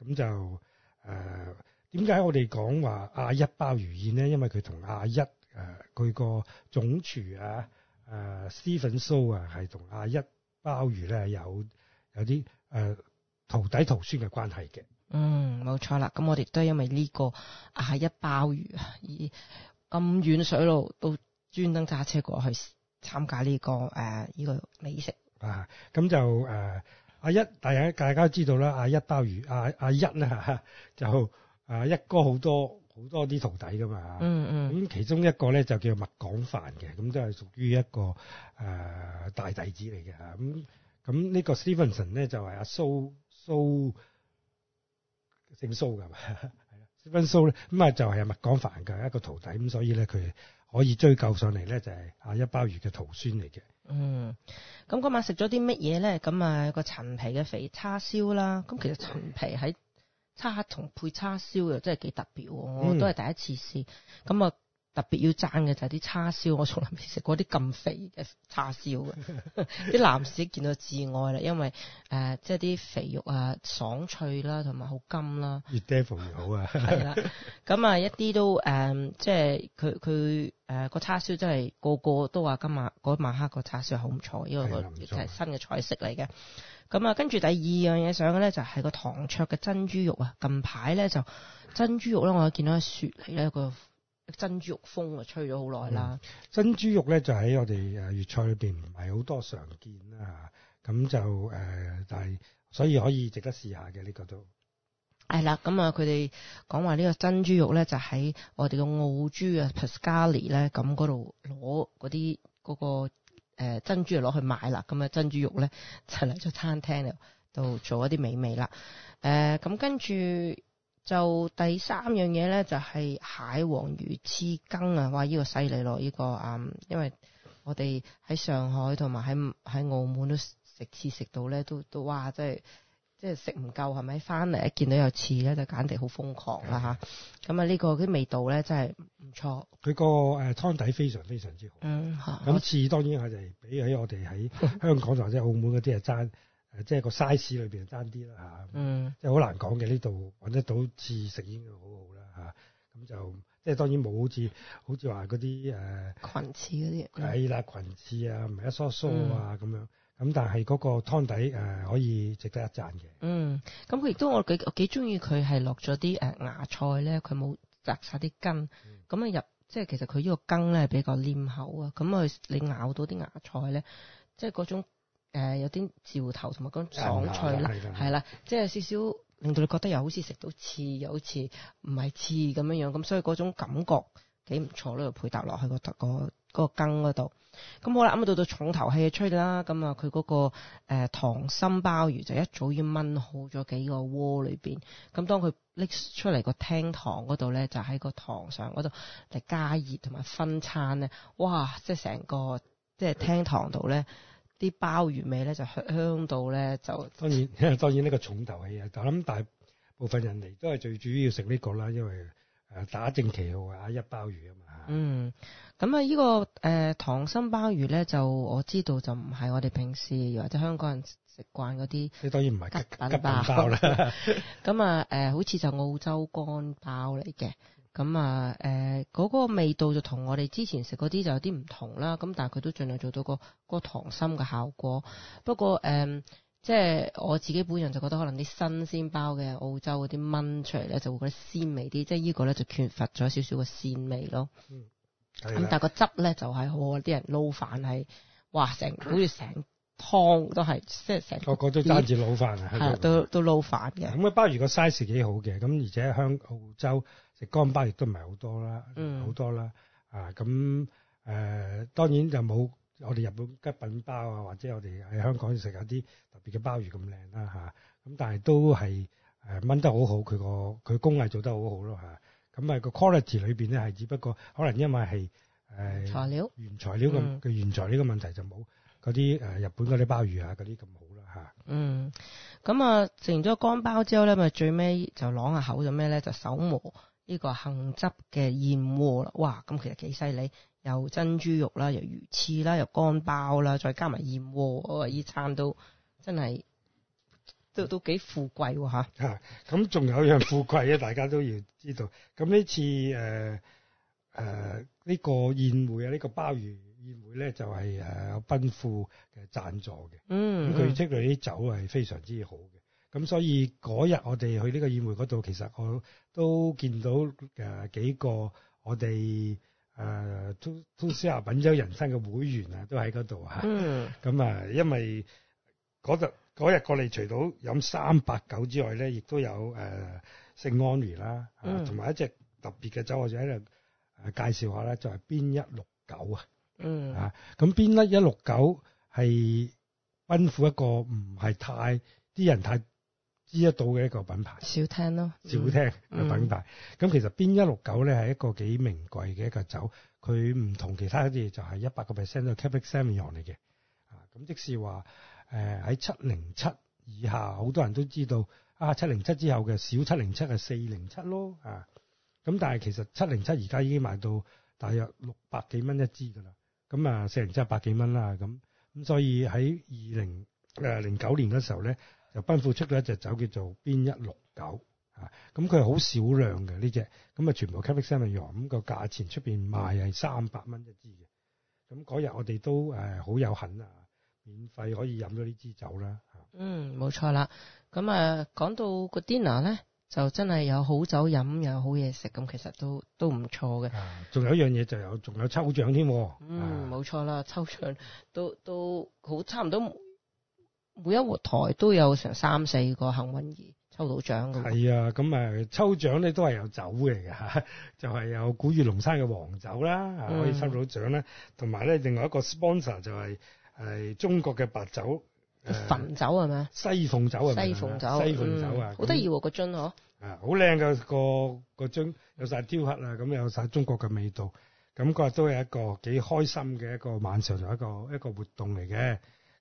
咁、嗯、就誒點解我哋講話阿一鮑魚宴咧？因為佢同阿一誒佢、啊、個總廚啊誒、啊、Steven So 啊係同阿一鮑魚咧有有啲誒、啊、徒弟徒孫嘅關係嘅。嗯，冇錯啦。咁我哋都係因為呢、這個阿一鮑魚啊，而咁遠水路都專登揸車過去參加呢、這個誒呢個美食啊。咁、這個啊、就誒阿、啊、一，大家大家知道啦。阿一鮑魚，阿、啊、阿、啊、一咧、啊、就阿、啊、一哥，好多好多啲徒弟噶嘛。嗯嗯。咁其中一個咧就叫麥廣凡嘅，咁、嗯、都係屬於一個誒、啊、大弟子嚟嘅吓。咁咁呢個 Stevenson 咧就係阿蘇蘇。蘇蘇姓蘇㗎嘛，係啦，姓芬蘇咧，咁啊就係麥廣凡嘅一個徒弟咁，所以咧，佢可以追究上嚟咧，就係阿一鮑魚嘅徒孫嚟嘅。嗯，咁嗰晚食咗啲乜嘢咧？咁啊，個陳皮嘅肥叉燒啦，咁其實陳皮喺叉同配叉燒又真係幾特別喎，我都係第一次試。咁啊～特別要讚嘅就係啲叉，叉燒，我從來未食過啲咁肥嘅叉燒嘅。啲男士見到至愛啦，因為誒、呃、即係啲肥肉啊，爽脆啦、啊，同埋好甘啦、啊。越 d e 越好啊！係 啦，咁啊一啲都誒、呃，即係佢佢誒個叉燒真係個個都話今晚晚黑個叉燒好唔錯，因為佢係新嘅菜式嚟嘅。咁啊，跟住第二樣嘢想嘅咧就係個糖灼嘅珍珠肉啊！近排咧就珍珠肉咧，我見到雪梨咧個。珍珠肉風啊，吹咗好耐啦。珍珠肉咧就喺我哋誒粵菜裏邊唔係好多常見啊。咁就誒，但、呃、係所以可以值得試下嘅呢、這個都。係啦，咁啊，佢哋講話呢個珍珠肉咧，就喺我哋嘅澳珠啊 Pascali 咧，咁嗰度攞嗰啲嗰個珍珠就攞去賣啦，咁、那、啊、個、珍珠肉咧就嚟咗餐廳度做一啲美味啦。誒、呃，咁跟住。就第三樣嘢咧，就係、是、蟹黃魚翅羹啊！哇，呢、這個犀利咯！呢、這個啊、嗯，因為我哋喺上海同埋喺喺澳門都食翅食到咧，都都哇，真係即係食唔夠係咪？翻嚟一見到有翅咧，就簡直好瘋狂啦吓，咁啊，呢個啲味道咧真係唔錯。佢個誒湯底非常非常之好。嗯，嚇。咁翅當然係嚟比起我哋喺香港 或者澳門嗰啲係爭。即係個 size 裏面爭啲啦。嗯，即係好難講嘅，呢度搵得到翅食應該好好啦。咁就即係當然冇好似好似話嗰啲誒羣翅嗰啲，係啦群翅啊，唔係一梳梳啊咁、嗯、樣，咁但係嗰個湯底、呃、可以值得一讚嘅。嗯，咁佢亦都我幾鍾中意佢係落咗啲誒芽菜咧，佢冇摘晒啲根，咁、嗯、啊入即係其實佢呢個根咧比較黏口啊，咁佢你咬到啲芽菜咧，即係嗰種。誒、呃，有啲嚼頭同埋嗰種爽脆、嗯嗯嗯嗯嗯、是啦，係啦，即係少少令到你覺得又好似食到刺，又好似唔係刺咁樣樣，咁所以嗰種感覺幾唔錯咯，配搭落去、個，個，個羹嗰度。咁好啦吹吹啦，咁到到重頭戲出啦，咁啊佢嗰個誒糖心鮑魚就一早已經燜好咗幾個鍋裏邊，咁當佢拎出嚟個廳堂嗰度咧，就喺個堂上嗰度嚟加熱同埋分餐咧，哇！即係成個即係廳堂度咧。啲鮑魚味咧就香到咧，就當然當然呢個重頭戲啊！就諗大部分人嚟都係最主要食呢、呢個啦，因為打正旗號啊，一鮑魚啊嘛，嗯，咁啊、呢個，呢個誒溏心鮑魚咧，就我知道就唔係我哋平時或者香港人食慣嗰啲，即當然唔係吉包啦。咁 啊、 呃、好似就澳洲乾鮑嚟嘅。咁、嗯、啊，嗰、那個味道就同我哋之前食嗰啲就有啲唔同啦。咁但係佢都盡量做到個個溏心嘅效果。不過誒、嗯，即係我自己本人就覺得可能啲新鮮包嘅澳洲嗰啲燜出嚟咧，就會覺得鮮味啲。即係依個咧就缺乏咗少少個鮮味咯。咁、嗯、但係個汁咧就係好啲人撈飯係，哇！成好似成湯都係，即係成個。個都單字撈飯係都都撈飯嘅。咁、嗯、啊，鮑魚個 size 幾好嘅，咁而且香澳洲。食乾鮑亦都唔係好多啦，好多啦啊！咁誒、呃、當然就冇我哋日本吉品鮑啊，或者我哋喺香港食有啲特別嘅鮑魚咁靚啦嚇。咁但係都係誒、啊、燜得好好，佢個佢工藝做得好好咯嚇。咁啊個 quality 裏邊咧係只不過可能因為係誒、啊、材料原材料咁嘅原材料嘅問題，就冇嗰啲誒日本嗰啲鮑魚啊嗰啲咁好啦嚇、啊。嗯，咁啊食完咗乾鮑之後咧，咪最尾就攞下口就咩咧？就手磨。呢、這個杏汁嘅燕窩啦，哇！咁其實幾犀利，又珍珠肉啦，又魚翅啦，又乾鮑啦，再加埋燕窩啊，呢餐都真係都都幾富貴吓，嚇。咁仲有一樣富貴咧，大家都要知道。咁呢次誒誒呢個宴會啊，呢、這個鮑魚宴會咧，就係誒有奔富嘅贊助嘅。嗯，嗯。咁佢出嚟啲酒係非常之好嘅。咁所以嗰日我哋去呢個宴會嗰度，其實我都見到誒、呃、幾個我哋誒通通鮮亞品酒人生嘅會員啊，都喺嗰度嚇。咁、mm. 啊，因為嗰日嗰日過嚟，除到飲三八九之外咧，亦都有誒聖、呃、安妮啦，同、啊、埋、mm. 一隻特別嘅酒，我就喺度介紹一下咧，就係、是、邊一六九啊嚇。咁、mm. 啊、邊粒一六九係奔富一個唔係太啲人太。人知得到嘅一個品牌，少聽咯，少聽嘅品牌。咁、嗯嗯、其實邊一六九咧係一個幾名貴嘅一個酒，佢唔同其他啲嘢，就係一百個 percent 都係 Cabernet Sauvignon 嚟嘅。啊，咁即係話誒喺七零七以下，好多人都知道啊。七零七之後嘅少七零七係四零七咯。啊，咁但係其實七零七而家已經賣到大約六、啊、百幾蚊一支㗎啦。咁啊，四零七百幾蚊啦。咁咁所以喺二零誒零九年嗰時候咧。就奔富出咗一隻酒叫做 Bin 一六九，啊，咁佢係好少量嘅呢隻，咁啊全部 Cabernet、嗯、Sauvignon 咁個價錢出面賣係三百蚊一支嘅，咁嗰日我哋都誒好、呃、有幸啊，免費可以飲咗呢支酒啦、啊，嗯，冇錯啦，咁啊講到個 dinner 咧，就真係有好酒飲又有好嘢食，咁其實都都唔錯嘅，仲、啊、有一樣嘢就有仲有抽獎添、啊，嗯，冇錯啦，抽獎都都好差唔多。每一活台都有成三四個幸運兒抽到獎咁。係啊，咁啊抽獎咧都係有酒嚟嘅，就係、是、有古越龍山嘅黃酒啦，嗯、可以抽到獎啦。同埋咧，另外一個 sponsor 就係、是、係中國嘅白酒，汾、嗯、酒係咪？西鳳酒係西鳳酒，西鳳酒,、嗯西鳳酒嗯、很啊，好得意喎！個樽哦，啊，好靚嘅個樽，有晒雕刻啊，咁有晒中國嘅味道。咁今日都係一個幾開心嘅一個晚上，就一個一個,一個活動嚟嘅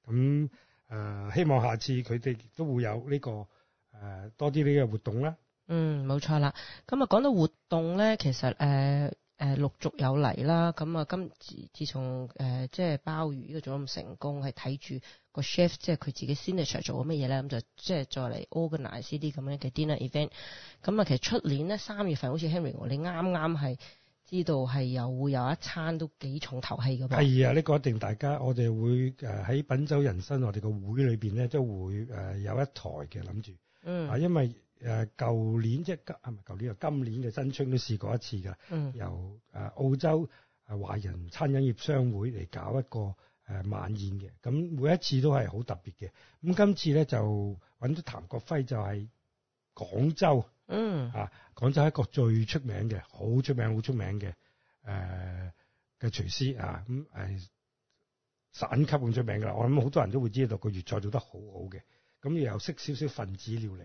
咁。誒希望下次佢哋都會有呢、這個誒、呃、多啲呢個活動啦。嗯，冇錯啦。咁啊，講到活動咧，其實誒誒、呃呃、陸續有嚟啦。咁啊，今自自從誒即係鮑魚呢個做咁成功，係睇住個 chef 即係佢自己 signature 做緊乜嘢咧，咁就即係、就是、再嚟 organize 啲咁樣嘅 dinner event。咁啊，其實出年咧三月份好似 Henry 我你啱啱係。知道係又會有一餐都幾重頭戲嘅嘛？係啊，呢個一定大家我哋會誒喺品酒人生我哋個會裏邊咧，都會誒有一台嘅諗住。嗯。啊，因為誒舊年即係今係咪舊年啊？今年嘅新春都試過一次㗎。嗯。由誒澳洲華人餐飲業商會嚟搞一個誒晚宴嘅，咁每一次都係好特別嘅。咁今次咧就搵到譚國輝，就係廣州。嗯，啊，廣州一個最出名嘅、好出名好出名嘅，誒嘅廚師啊，咁誒省級咁出名噶啦，我諗好多人都會知道個粵菜做得好好嘅，咁又識少少分子料理。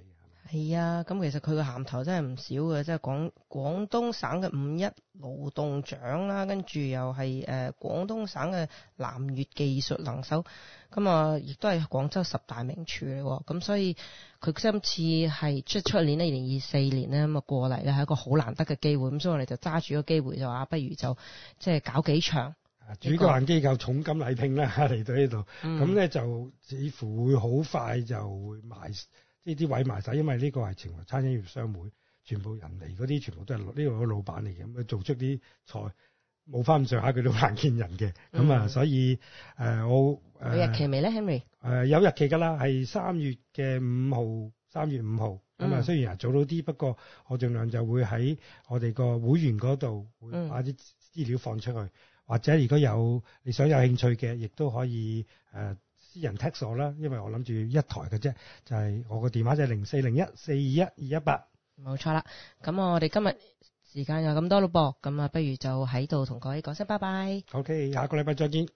係、哎、啊，咁其實佢嘅銜頭真係唔少嘅，即係廣廣東省嘅五一勞動獎啦，跟住又係誒廣東省嘅南粵技術能手，咁啊亦都係廣州十大名廚嚟喎。咁所以佢今次係出出年呢，二零二四年咧咁啊過嚟咧係一個好難得嘅機會，咁所以我哋就揸住個機會就話，不如就即係搞幾場。主要係機構重金禮聘啦，嚟到呢度，咁、嗯、咧就似乎會好快就會賣。呢啲位埋晒，因為呢個係華人餐飲業商會，全部人嚟嗰啲全部都係呢度嘅老闆嚟嘅，咁佢做出啲菜冇翻咁上下，佢都難見人嘅。咁、嗯、啊，所以誒、呃、我誒日期未咧，Henry 誒有日期㗎啦，係三、呃、月嘅五號，三月五號。咁啊、嗯，雖然係早到啲，不過我儘量就會喺我哋個會員嗰度會把啲資料放出去，嗯、或者如果有你想有興趣嘅，亦都可以誒。呃私人 text 我啦，因為我諗住一台嘅啫，就係、是、我個電話就係零四零一四二一二一八，冇錯啦。咁我哋今日時間又咁多咯噃，咁啊不如就喺度同各位講聲拜拜。Okay，下個禮拜再見。